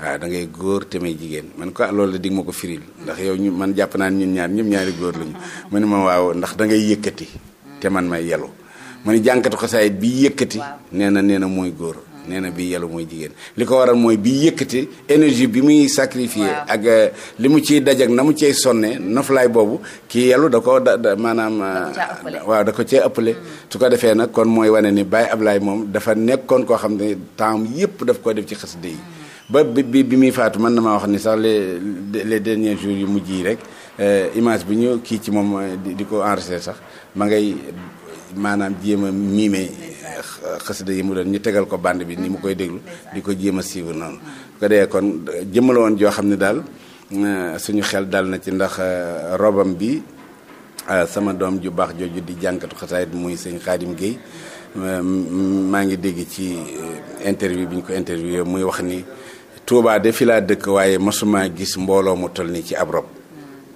waaw dangay góor te may jigéen man ko loolu la dig ma ko firil ndax yow ñu man jàpp naa ñun ñaar ñëpp ñaari góor lañu mu ne ma waaw ndax da ngay yëkkati te man may yelu ma ni jànkatu xasaayit bi yëkkati nee na nee na mooy góor nee na bii yelu mooy jigéen li ko waral mooy bi yëkkati énergie bi muy sacrifier ak euh, li mu ciy daj na mu ciy sonne noflaay boobu kii yelu da ko da da maanaam euh, waaw da ko cee ëppale mm. su ko defee nag kon mooy wane ni Baye Ablaye moom dafa nekkoon koo xam ne temps yëpp daf ko def ci xasida yi ba bi bi muy faatu mën na maa wax ni sax le le derniers jours yu mujj yi rek euh, image bi ñu kii ci moom euh, di ko enregistré sax ma ngay maanaam jéem a miime euh, xasida yi mu doon ñu tegal ko bande bi ni mu koy déglu di ko jéem a suivre noonu ko dee kon jëmale woon joo xam ne daal suñu xel dal na ci ndax robam bi sama doom ju baax jooju di jànkatu xasaayit muy sëñ Xaadim Guèye maa ngi dégg ci interview bi ñu ko interviewé muy wax ni Touba de fi laa dëkk waaye mosuma gis mbooloo mu toll nii ci ab rob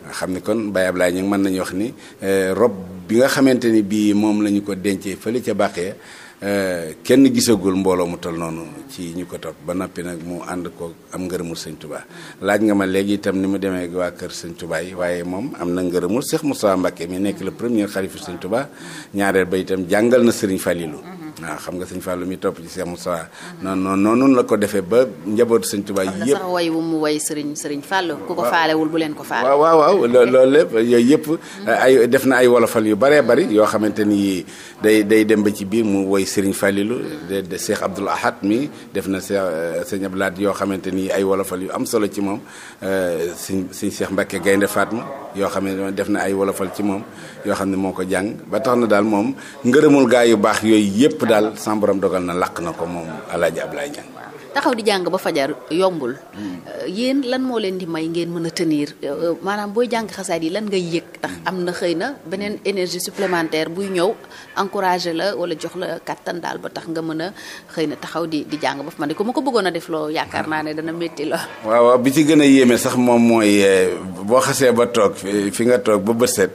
nga xam ni kon Baye Ablaye ñu ngi mën nañu wax ni eh, rob bi nga xamante ni bii moom lañu ko dencee fële ca Bàqee eh, kenn gisagul mbooloo mu toll noonu ci ñu ko topp ba noppi nag mu ànd ko am ngërëmul sëñ Touba laaj nga ma léegi itam ni mu demee waa kër sëñ Touba waaye moom am na ngërëmul Cheikh Moussa Mbacké mi nekk la premier xalifu sëñ Touba ñaareel ba itam jàngal na Serigne Falilou waaw ah, xam nga sëñ Fallou mi topp ci Cheikh Moussa noonu noonu noonu noonu la ko defee ba njabootu sëñ Tuubaa yëpp am na sax way wu mu woy sëriñ sëriñ Fallou ku ko faalewul bu leen ko faale waaw waaw waaw loolu lépp yooyu yëpp ay def na ay wolofal yu baree bari yoo xamante ni day day dem ba ci biir mu woy sëriñ Fallilou de Cheikh Abdoul Ahad mi def na Cheikh euh, sëñ yoo xamante ni ay wolofal yu am solo ci moom euh, sëñ sëñ Cheikh Mbacke Gaynde Fatma yoo xam ne def na ay wolofal ci moom yoo xam ne moo ko jàng ba tax na daal moom ngërëmul gaa yu baax yooyu yëpp daal sama borom dogal na làq na ko moom Alaaji Ablaye Niang taxaw di jàng ba fajar yombul hmm. euh, yéen lan moo leen di may ngeen mën a tenir euh, maanaam booy jàng xasaat yi lan ngay yëg tax hmm. am na xëy na beneen énergie supplémentaire buy ñëw encouragé la wala jox la kattan daal ba tax nga mën a xëy na taxaw di di jàng ba fa man de ma ko bëggoon a def loo yaakaar naa ne dana métti la waaw waaw bi ci gën a yéeme sax moom mooy euh, boo xasee ba toog fi nga toog ba bët set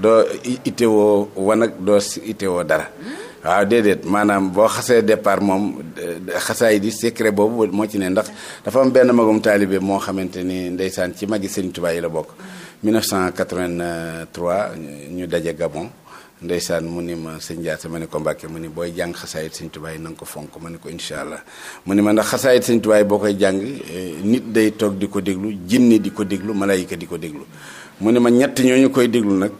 doo itewoo wanag doo si itewoo dara waaw déedéet maanaam boo xasee départ moom xasaay di secret boobu moo ci ne ndax dafa am benn magum taalibe moo xamante ni ndeysaan ci magi Sëriñ Tuubaa yi la bokk cent 1983 ñu daje Gabon ndeysaan mu ni ma sëñ sa ma ne ko Mbàkke mu ni booy jàng xasaayit sëñ Tuubaa yi na nga ko fonk ma ne ko incha allah mu ni ma ndax xasaayit sëñ Tuubaa boo koy jàng eh, nit day toog di ko déglu jinne di ko déglu malaayika di ko déglu mu ni ma ñett ñooñu koy déglu nag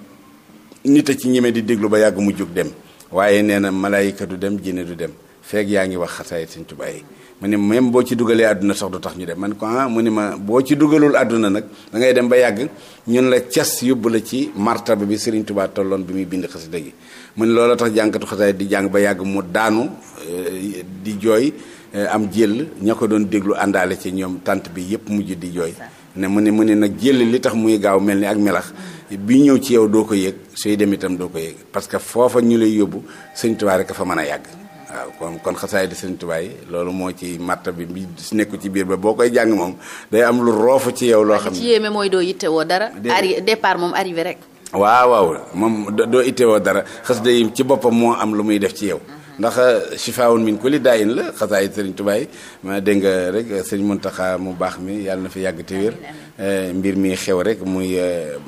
nit a ci ñeme di déglu ba yàgg mu jóg dem waaye nee na malaayika du dem jinne du dem feeg yaa ngi wax xasaay Sëñ Tuubaa yi mu ne même boo ci dugalee àdduna sax du tax ñu dem man ko ah mu ma boo ci dugalul àdduna nag da ngay dem ba yàgg ñun la cas yóbbu la ci martaba bi Sëriñ Tuubaa tolloon bi muy bind xasida gi mu ne loola tax jànkatu xasaay di jàng ba yàgg mu daanu eh, di jooy eh, am jël ña ko doon déglu àndaale ci ñoom tant bi yëpp mujj di jooy ne mu ne mu ne nag jël li tax muy gaaw mel ni ak melax bi ñëw ci yow doo ko yëg suy dem itam doo ko yëg parce que foofa ñu lay yóbbu sëñ Tuubaa rek a fa mën a yàgg. waaw kon kon xasaay di sëñ Tuubaa yi loolu moo ci matta bi bi nekku ci biir ba boo koy jàng moom day am lu roofu ci yow. loo xam ne ci yéeme mooy doo yittewoo dara. arri départ moom arrivé rek. waaw waaw moom doo ittewoo dara xasida yi ci boppam moo am lu muy def ci yow. Mhm. ndax euh, shifaawun min kulli daayin la xasaay sëriñ tubaay ma dégg nga rek sëñ Muntaxa mu baax mi yàlla na fi yàgg te wér euh, mbir mi xew rek muy. Euh,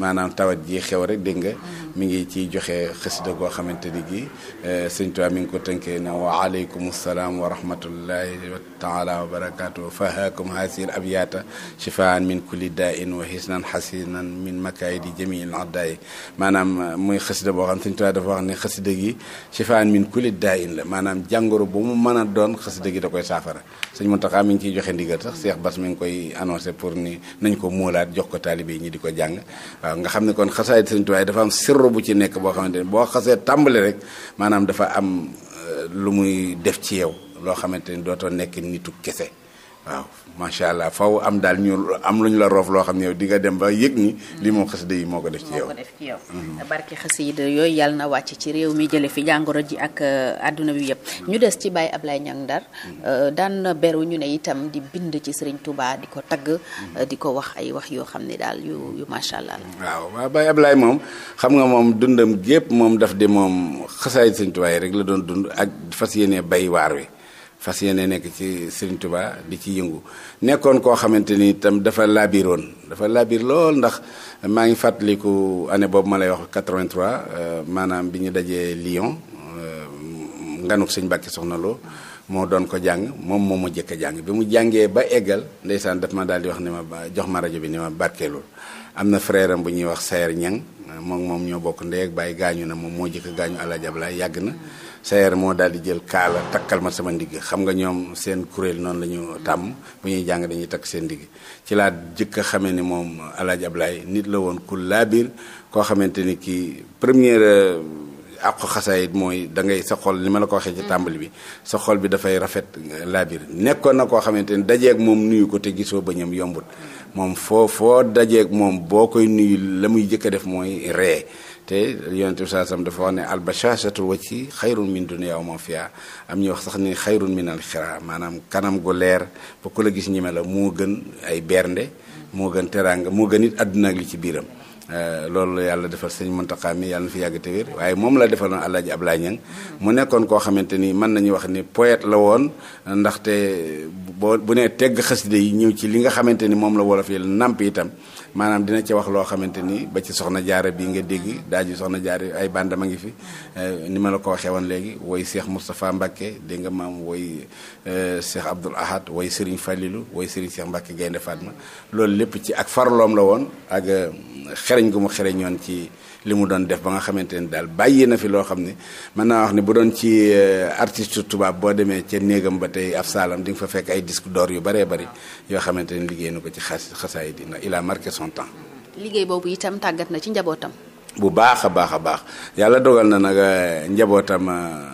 maanaam tawat ji xew rek dégg nga mm-hmm. mi ngi ci joxe xasida goo xamante ni gi eh, sëñ Tuubaa mi ngi ko tënkee na wa aleykum salaam wa rahmatullahi taala wa barakaatu fa haakum haasihi l abyaata shifaan min kulli daa in wa hisnan hasinan min makaayidi jamii l addaay maanaam uh, muy xasida boo xam Sëñ Tuubaa dafa wax ne xasida gi shifaan min kulli daa in la maanaam jàngoro bu mu mën a doon xasida gi da koy saafara Sëñ Muntaxa mi ngi ciy joxe ndigal sax Cheikh Bass mi ngi koy annoncé pour ni nañ ko muulaat jox ko taalibe yi ñi di ko jàng nga xam ne kon xasaayid Sëñ Tuubaa dafa am sirru bu ci nekk boo xamante ne boo xasee tàmbali rek maanaam dafa am uh, lu muy def ci yow loo xamante ni dootoo nekk nitu kese waaw macha allah faw am daal ñu am lu ñu la roof loo xam ne yow di nga dem ba yëg ni lii moom xasida yi moo ko def ci yow moo ko def ci yow barki xasida na wàcc ci réew mi jële fi jàngoro ji ak euh, àdduna bi yëpp ñu des ci Baye Ablaye Niang Ndar euh, daan na beru ñu ne itam di bind ci Serigne Touba di ko tagg euh, di ko wax ay wax yoo xam ne daal yu macha allah la waaw waaw Baye Ablaye moom xam nga moom dundam gépp moom daf di moom xasaay Serigne rek la doon dund ak fas yéene bay waar wi fas yéene nekk ci Serigne Touba di ci yëngu nekkoon koo xamante ni itam dafa laabiroon dafa laabiir lool ndax maa ngi fàttaliku année boobu ma lay wax 83 euh, maanaam bi ñu dajee Lyon euh, nganuk sëñ Mbàkke Soxna Lo moo doon ko jàng moom moom mu jëkk jàng bi mu jàngee ba eggal ndeysaan daf ma daal di wax ne ma jox ma rajo bi ni ma barkeelul am na frère am bu ñuy wax Sayer Ñang moom moom ñoo bokk ndey ak bàyyi gaañu na moom moo jëkk a gaañu àlla yàgg na sayer moo daal di jël kaala takkal ma sama ndigg xam nga ñoom seen kuréel noonu la ñu tàmm bu ñuy jàng dañuy takk seen ndigg ci laa jëkk a xamee ni moom Alaaji Ablaay nit la woon ku laabir koo xamante ni kii première euh, àqu xasaayit mooy da ngay sa xol li ma la ko waxee ci mm. tàmbali bi sa xol bi dafay rafet laabir nekkoon na koo xamante ni dajeeg moom nuyu ko te gisoo bëñam yombut mm. moom foo foo dajeek moom boo koy nuyu la muy jëkk a def mooy ree te yonente bi saasam dafa wax ne albashasatul wajhi xayrun min dunya wa ma fiha am ñuy wax sax ni xayrun min alxira maanaam kanam gu leer ba ku la gis ñeme la moo gën ay bernde moo gën teraanga moo gën it àdduna ak li ci biiram euh, loolu la yàlla defal sëñ Muntaxa mi yàlla na fi yàgg te waaye moom la defaloon Alaaji Ablaay Ñang mu nekkoon koo xamante ni mën nañu wax ni poète la woon ndaxte boo bu nee tegg xasida yi ñëw ci li nga xamante ni moom la wolof nàmp itam maanaam dina ci wax loo xamante ni ba ci soxna jaara bi nga dégg daaju soxna jaara ay a ngi fi eh, ni ma la ko waxee woon léegi woy Cheikh Moustapha Mbacke dégg nga maam woy eh, Cheikh Abdoul Ahad woy Serigne Falilou woy Serigne Cheikh Mbacke Gaynde Fatma loolu lépp ci ak farloom la woon ak eh, xereñ gu mu xereñoon ci li mu doon def ba nga xamante ne daal bàyyi na fi loo xam ne mën naa wax ne bu doon ci euh, artiste tubaab boo demee ca néegam ba tey ab saalam di nga fa fekk ay disque door yu bëree bëri yoo xamante ne liggéey na ko ci xas xasaay di ndax il a marqué son temps. liggéey boobu itam tàggat na ci njabootam. bu baax a baax a baax yàlla dogal na nag euh, njabootam euh,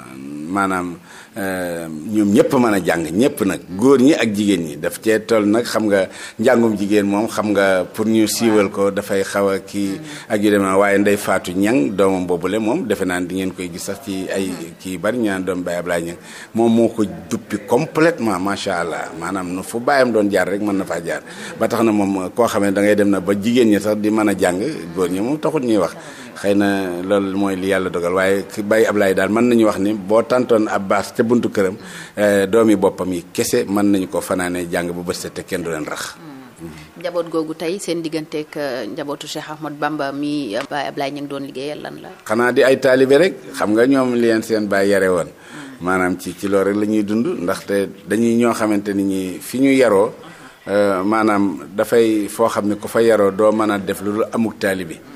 maanaam. Euh, ñoom ñëpp mën a jàng ñëpp nag góor ñi ak jigéen ñi daf cee toll nag xam nga njàngum jigéen moom xam nga pour ñu siiwal ko dafay xaw a kii ak yu demee waaye nday faatu ñang doomam boobule moom defe naan di ngeen koy gis sax ci ay kii bari ñu naan doom Baye Ablaye ñang moom moo ko duppi complètement macha allah maanaam nu fu baayam doon jaar rek mën na faa jaar ba tax na moom koo xam ne da ngay dem na ba jigéen ñi sax di mën a jàng góor ñi moom taxut ñuy wax xëy na loolu mooy li yàlla dogal waaye ki bàyyi Ablaye daal mën nañu wax ni boo tàntoon ab baas ca buntu këram eh, doomi boppam yi kese mën nañu ko fanaanee jàng bu bës kenn du leen rax. Mm. njaboot googu tey seen digganteeg eh, njabootu Cheikh Ahmad Bamba mi Baye Ablaye ñu ngi doon liggéeyal la. xanaa di ay taalibe rek xam nga ñoom leen seen baay yare woon. Mm. maanaam ci ci loolu rek la ñuy dund ndaxte dañuy ñoo xamante ni ñi fi ñu yaroo eh, maanaam dafay foo xam ne ku fa yaroo doo mën a def lu dul amuk taalibe.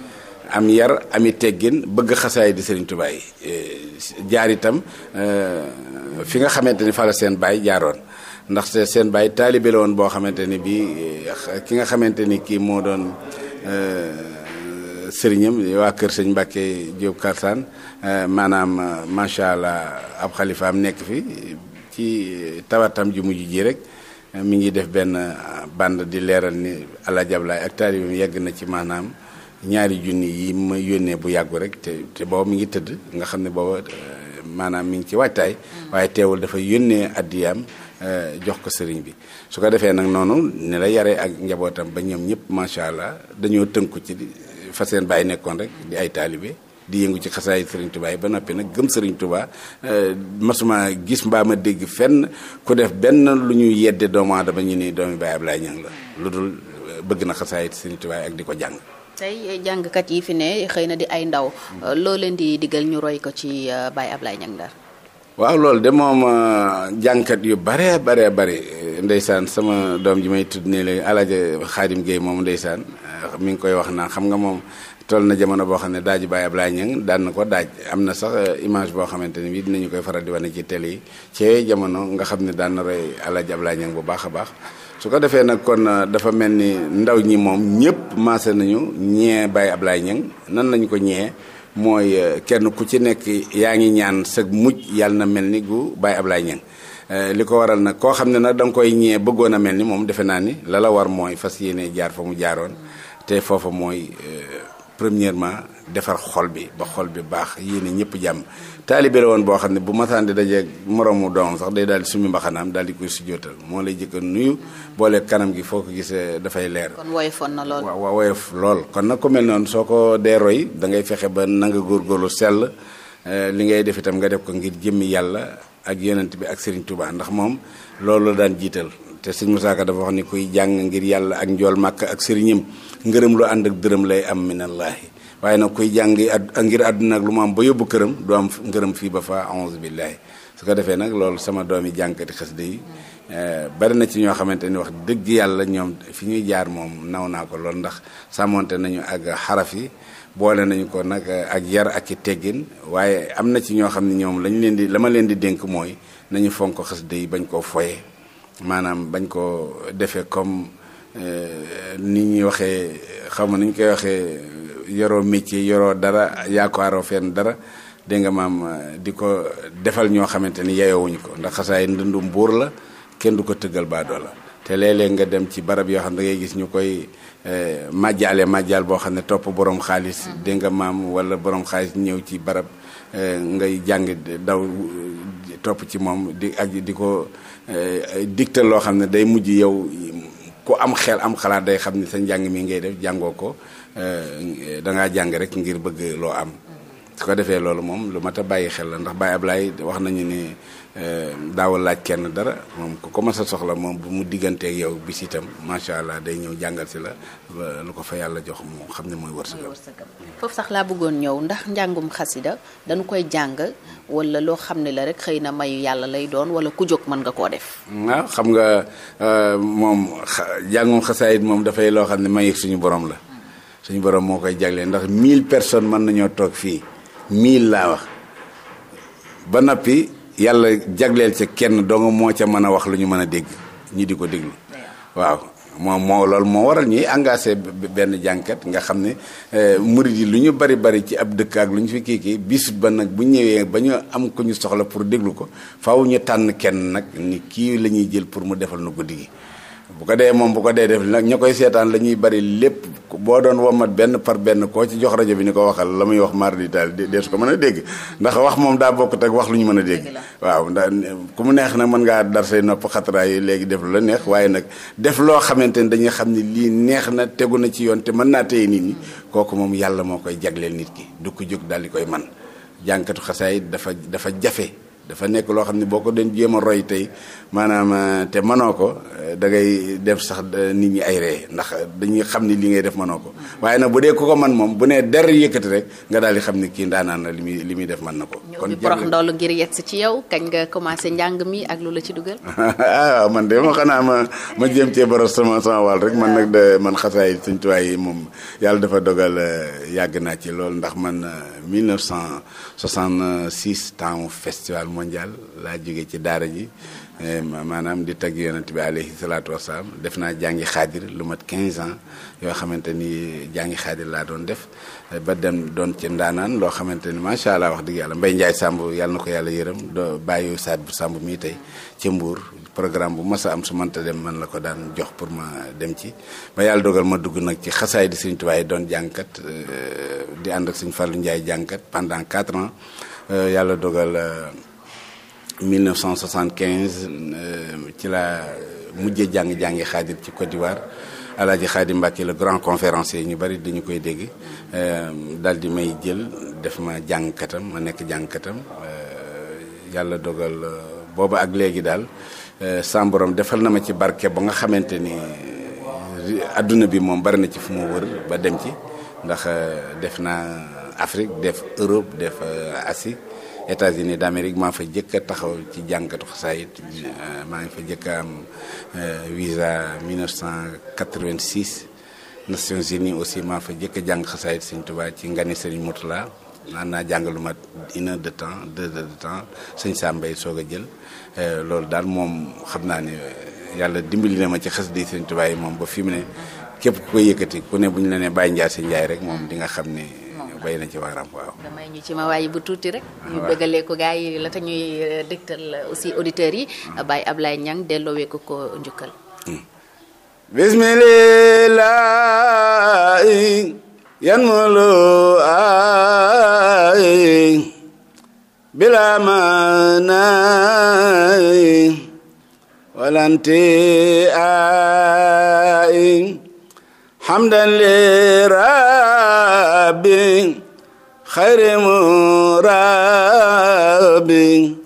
am yar ami teggin bëgg xasaay di Serigne Touba yi e, jaar itam e, fi nga xamante ni fa la seen baay jaaroon ndax seen baay taalibe la woon boo xamante ni bii e, ki nga xamante ni kii moo doon sëriñam waa kër sëñ Mbàkke Jóob Karsaan maanaam macha allah ab xalifaam nekk fi ci tawatam ji mujj ji rek mi ngi def benn bande di leeral ni ala jablaay ak taalibam yegg na ci maanaam. ñaari junni yi ma yónnee bu yàggu rek te te booba mi ngi tëdd nga xam ne booba euh, maanaam mi ngi ci waajtaay mm. waaye teewul dafa yónnee addiyaam euh, jox ko sëriñ bi su ko defee nag noonu ne la yaree ak njabootam ba ñoom ñëpp macha allah dañoo tënku ci fa seen bàyyi nekkoon rek di ay taalibe di yëngu ci xasaayu sëriñ Touba ba noppi nag gëm sëriñ Touba euh, masuma gis mbaa ma dégg fenn ku def benn lu ñuy yedde doomu aadama ñu ni doomi Baye Ablaye Niang la lu dul bëgg na xasaayu sëriñ Touba ak di ko jàng tey jàngkat yi fi ne xëy na di ay ndaw hmm. loo leen di diggal ñu roy ko ci euh, Baye Ablaye Niang Ndar waaw loolu de moom euh, jàngkat yu bare bare euh, bare ndeysaan sama doom ji may tudd ne léegi alaaja Xaadim Géey moom ndeysaan mu ngi koy wax naa xam nga moom toll na jamono boo xam ne daaj Baye Ablaye Niang daan na ko daaj am na sax image boo xamante ne bii dinañu koy faral di wane ci télé yi ci jamono nga xam ne daan na roy alaaja Ablaye Niang bu baax a baax su ko defee nag kon euh, dafa mel ni ndaw ñi moom ñëpp maase nañu ñee Baye Ablaye ñaŋ nan lañu ko ñee mooy euh, kenn ku ci nekk yaa ngi ñaan sëg mujj yàlla na mel ni gu Baye Ablaye Niang euh, li ko waral nag koo xam ne nag da nga koy ñee bëggoon a mel ni moom defe naa ni la la war mooy fas yéene jaar fa mu jaaroon te foofa mooy premièrement defar xol bi ba xol bi baax yéene ñëpp jàmm taalibe la woon boo xam ne bu masaan di dajeeg moromu doomam sax day daal di sumi mbaxanaam daal di koy sujjootal moo lay jëkka nuyu boole kanam gi foo ko gisee dafay leer. kon woyofoon na lool waaw woyof lool. kon nag ku mel noonu soo ko dee roy dangay fexe ba nanga góorgóorlu sell eh, li ngay def itam nga def ko ngir jëmmi yàlla ak yeneent bi ak Serigne tubaa ndax moom loolu daan jiital. te sëñ Moussa Ka dafa wax ni kuy jàng ngir yàlla ak njool màkk ak sëriñam ngërëm lu ànd ak dërëm lay am minallaahi waaye nag kuy jàngi a ngir àdduna ak lu mu am ba yóbbu këram du am ngërëm fii ba fa aouzu billahi su ko defee nag loolu sama doomi jànkati xasida yi eh, bari na ci ñoo xamante ni wax dëgg yàlla ñoom fi ñuy jaar moom naw naa ko loolu ndax sàmmonte nañu ak xaraf boole nañu ko nag ak yar ak i teggin waaye am na ci ñoo xam ne ñoom lañu leen di la ma leen di dénk mooy nañu fonk xasida yi bañ koo foye maanaam bañ koo defee comme eh, ni ñuy waxee xam nañ koy waxee yoroo métier yoroo dara yaakaaroo fenn dara dégg nga maam euh, di ko defal ñoo xamante ni yeyowuñu ko ndax ndëndu ndëndum la kenn du ko tëggal baadoo la te léeg-léeg nga dem ci barab yoo xam ne da ngay gis ñu koy euh, màjjaale màjjaal boo xam ne topp boroom xaalis mm. dégg nga maam wala borom xaalis ñëw ci barab euh, ngay jàng daw topp ci moom di ak di ko digtal loo xam ne day mujj yow ku am xel am xalaat day xam ne sa njàng mi ngay def jàngoo ko Euh, da ngaa jàng rek ngir bëgg loo am. su ko defee loolu moom lu mat a bàyyi xel la ndax Baye Ablaye wax nañu ni euh, daawul laaj kenn dara moom ku ko mas a soxla moom bu mu digganteeg yow bis itam macha allah day ñëw jàngal si la lu ko fa yàlla jox mu xam ne mooy wërsëgam. foofu sax laa bëggoon ñëw ndax njàngum xasida dañu koy jàng wala loo xam ne la rek xëy na mayu yàlla lay doon wala ku jóg mën nga koo def. waaw xam nga euh, moom njàngum xasaayit moom dafay loo xam ne mayu suñu borom la. suñu borom moo koy jaglee ndax mille personnes mën nañoo toog fii mille laa wax ba noppi yàlla jagleel ca kenn dong moo ca mën a wax lu ñu mën a dégg ñi di ko déglu waaw moo moo loolu moo waral ñuy engagé benn jànkat nga xam ne euh, murid yi lu ñu bari bari ci ab dëkk ak lu ñu fi kii kii bis ba nag bu ñëwee ba ñu am ko ñu soxla pour déglu ko faw ñu tànn kenn nag ni kii la ñuy jël pour mu defal nu guddi gi bu ko dee moom bu ko dee def nag ña koy seetaan lañuy bari lépp boo doon womat benn par benn koo ci jox rajo bi ni ko waxal la muy wax daal taal deesu ko mën a dégg ndax wax moom daa bokkut ak wax lu ñu mën a dégg waaw ndax ku mu neex na mën ngaa dar say nopp xatraay léegi def lu la neex waaye nag def loo xamante ne dañuy xam ne lii neex na tegu na ci yoon te mën naa teye nit ñi kooku moom yàlla moo koy jagleel nit ki du ko jóg daal di koy man jànkatu xasaay dafa dafa jafe dafa nekk loo xam ne boo ko doon jéem a roy tey maanaam euh, te mënoo ko euh, da ngay def sax euh, nit ñi ay ree ndax dañuy xam ni li ngay def mënoo ko waaye nag bu dee ko ko man moom bu nee der yëkkati rek nga daal di xam ni kii ndaanaan la li muy li muy def man na ko. kon jërëjëf porox ndoolu ngir yegg si ci yow kañ nga commencé njàng mi ak lu ci ah, man de ma xanaa ma ma jéem cee boros sama sama wàll rek man nag de man xasaay Sëñ Tuubaa yi moom yàlla dafa dogal yàgg naa ci loolu ndax man 1966 temps festival mondial laa jóge ci daara ji eh, maanaam di tagg yonent bi alayhi salaatu wasalaam def naa jàngi xaadir lu mat 15 ans yoo xamante ni jàngi xaadir laa doon def eh, ba dem doon ci ndaanaan loo xamante ni macha allah wax dëgg yàlla Mbaye Ndiaye Samb yàlla na ko yàlla yërëm doo bàyyi saat bu Samb mii tey ci mbuur programme bu mas a am su mënta dem man la ko daan jox pour ma dem ci ba yàlla dogal ma dugg nag ci xasaay di Sëriñ Tuubaa yi doon jànkat eh, di ànd ak Sëriñ Ndiaye jànkat pendant 4 ans yàlla dogal 1975 euh, ci la mujjee jàng jàngi xaadir ci Côte d'Ivoire Alaaji Xaadim Mbàkke le grand conférencier ñu bari dañu koy dégg euh, daal di may jël def ma jàngkatam ma nekk jàngkatam euh, yàlla dogal booba ak léegi daal sam borom defal na ma ci barke ba nga xamante ni adduna bi moom bari na ci fu mu wër ba dem ci ndax def na Afrique def Europe def Asie États-Unis d'Amérique maa fa jëkk a taxaw ci jànkatu xasaayit euh, maa ngi fa jëkk a am euh, visa 1986 Nations Unies aussi maa fa jëkk a jàng xasaayit Sëñ Tuubaa ci ngani Sëriñ Mutula naan naa jàng lu mat une de temps deux de temps sëñ mbay soog a jël euh, loolu daal moom xam naa ne yàlla dimbali na ma ci xes di Sëñ Tuubaa yi moom ba fi mu ne képp ku ko yëkkati ku ne bu ñu la nee Baye Ndiaye sa Ndiaye rek moom di nga xam ne bay na ci ma waaye bu tuuti rek. Ah, ñu bëggalee ko gars yi la te ñuy euh, dégtal aussi auditeurs yi. Ah. Baye Ablaye Niang delloowee ko ko njukkal. Hmm. bismillah yan molo ay bila manay walante ay hamdan ربي خير مرابي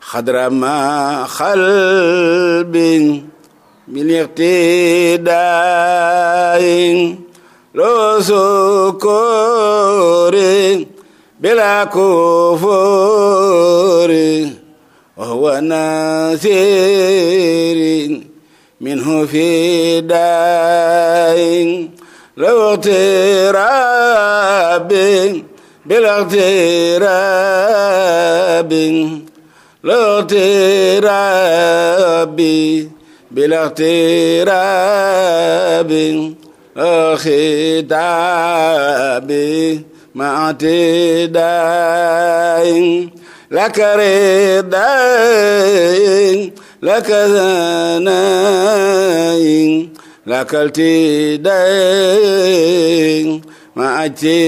خضر ما قلبي بالاقتداء لو سكوري بلا كفور وهو ناصر منه في داين لاغتراب بالاغتراب لاغتراب بالاغتراب خطاب مع اعتداء لك رضا لك ثناء lakalti day ma acci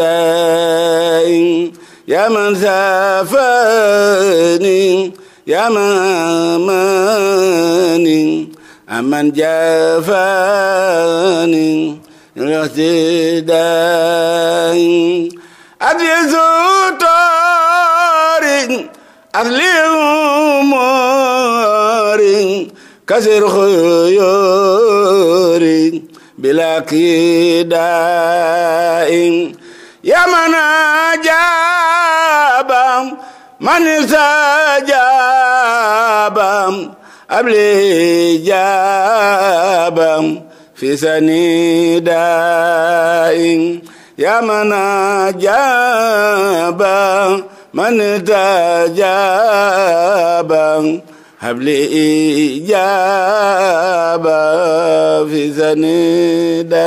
day ya man safani ya man mani aman jafani lakalti day adisu tori asli umori kasir khuyur بلا كداء يا من أجاب من استجاب أبلي جاب في سنداء يا من أجاب من استجاب هب لي إجابة في سندي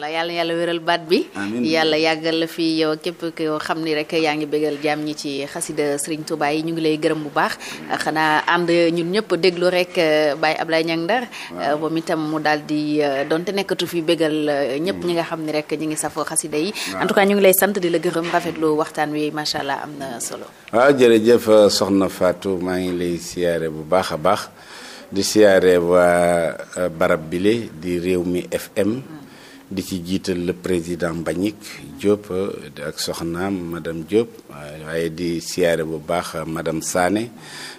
la yàlla yàlla wéral baat bi yàlla yàggal la fii yow képp ko xam ni rek yaa ngi bégal jaam ñi ci xasida Serigne Touba yi ñu ngi lay gërëm bu baax xanaa ànd ñun ñëpp déglu rek euh, Baye Ablaye Niang Ndar euh, moom itam mu daal di euh, donte nekkatu fi bégal ñëpp ñi nga xam ni rek ñi ngi safoo xasida yi en tout cas ñu ngi lay sant di la gërëm rafetlu waxtaan wi macha allah am na solo waaw jërëjëf soxna Fatou maa ngi lay siyaare bu baax a baax di siyaare waa barab di ci jiital la président Mbagnick Diop euh, ak soxnaam madame Diop euh, waaye di siyaare bu baax madame Sané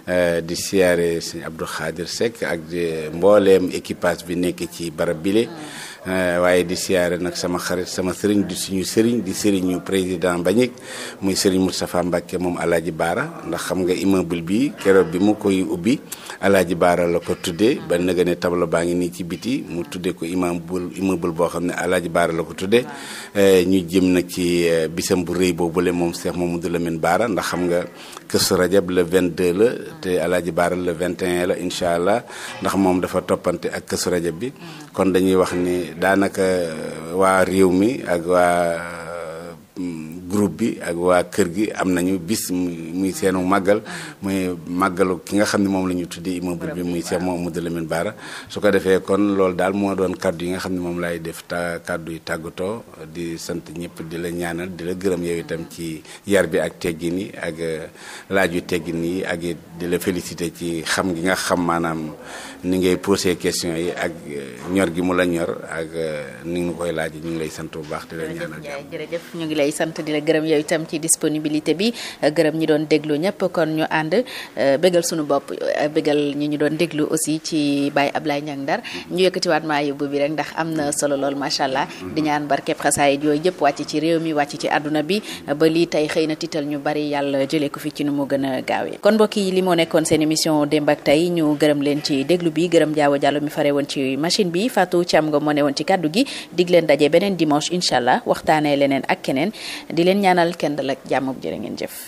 euh, di siyaare si Abdou Khadir Seck ak mbooleem équipage bi nekk ci barab bile. Eh, waaye di siyaare nag sama xarit sama sëriñ di suñu sëriñ di sëriñu président Mbagnick muy sëriñ Moustapha Mbacke moom Alaaji Baara ndax xam nga immeuble bi keroog bi mu koy ubbi Alaaji Baara la ko tuddee ba nga ne baa ngi nii ci biti mu tudde ko immeuble immeuble boo xam ne Alaaji Baara la ko tuddee eh, ñu jëm na ci eh, bisam bu rëy boobule moom seex Cheikh Mamadou Lamine Baara ndax xam nga Kazu Rajab le 22 la te Alaaji Baara le 21 la incha allah ndax moom dafa toppante ak Kazu Rajab bi kon dañuy wax ni daanaka euh, waa réew mi ak waa euh, groupe bi ak waa kër gi am nañu bis muy seenu màggal muy màggalu ki nga xam ne moom la ñu tuddee immeuble bi muy moom mu Lamine Bara su ko defee kon loolu daal moo doon kàddu yi nga xam ni moom laay def ta kàddu yi tàggatoo di sant ñëpp di la ñaanal di la gërëm yow itam ci yar bi ak teggin yi ak euh, laaj yu teggin yi ak di la félicité ci xam gi nga xam maanaam ni ngay posé question yi ak euh, ñor gi mu la ñor ak euh, ni nga koy laaj ñu ngi lay sant bu baax di la ñaanal jàmm ñu ngi lay sant di gërëm yooyu itam ci disponibilité bi euh, gërëm ñi doon déglu ñëpp kon ñu ànd bégal suñu bopp bégal ñi ñu doon déglu aussi ci Baye Ablaye Niang Ndar mm-hmm. ñu yëkkatiwaat maa yóbbu bi rek ndax am na solo lool macha allah mm-hmm. di ñaan barkeb xasaayit yooyu yëpp wàcc ci réew mi wàcc ci àdduna bi ba lii tey xëy na tiital ñu bari yàlla jëlee ko fi ci nu mu gën a gaawee kon mbokk yi li moo nekkoon seen émission démb tey ñu gërëm leen ci déglu déglu bi gërëm jaawa jàllo mi fare woon ci machine bi Fatou Thiam nga moo ne woon ci kàddu gi dig leen daje beneen dimanche incha allah waxtaanee leneen ak keneen di leen ñaanal kenn dal ak jàmm bu jërë ngeen jëf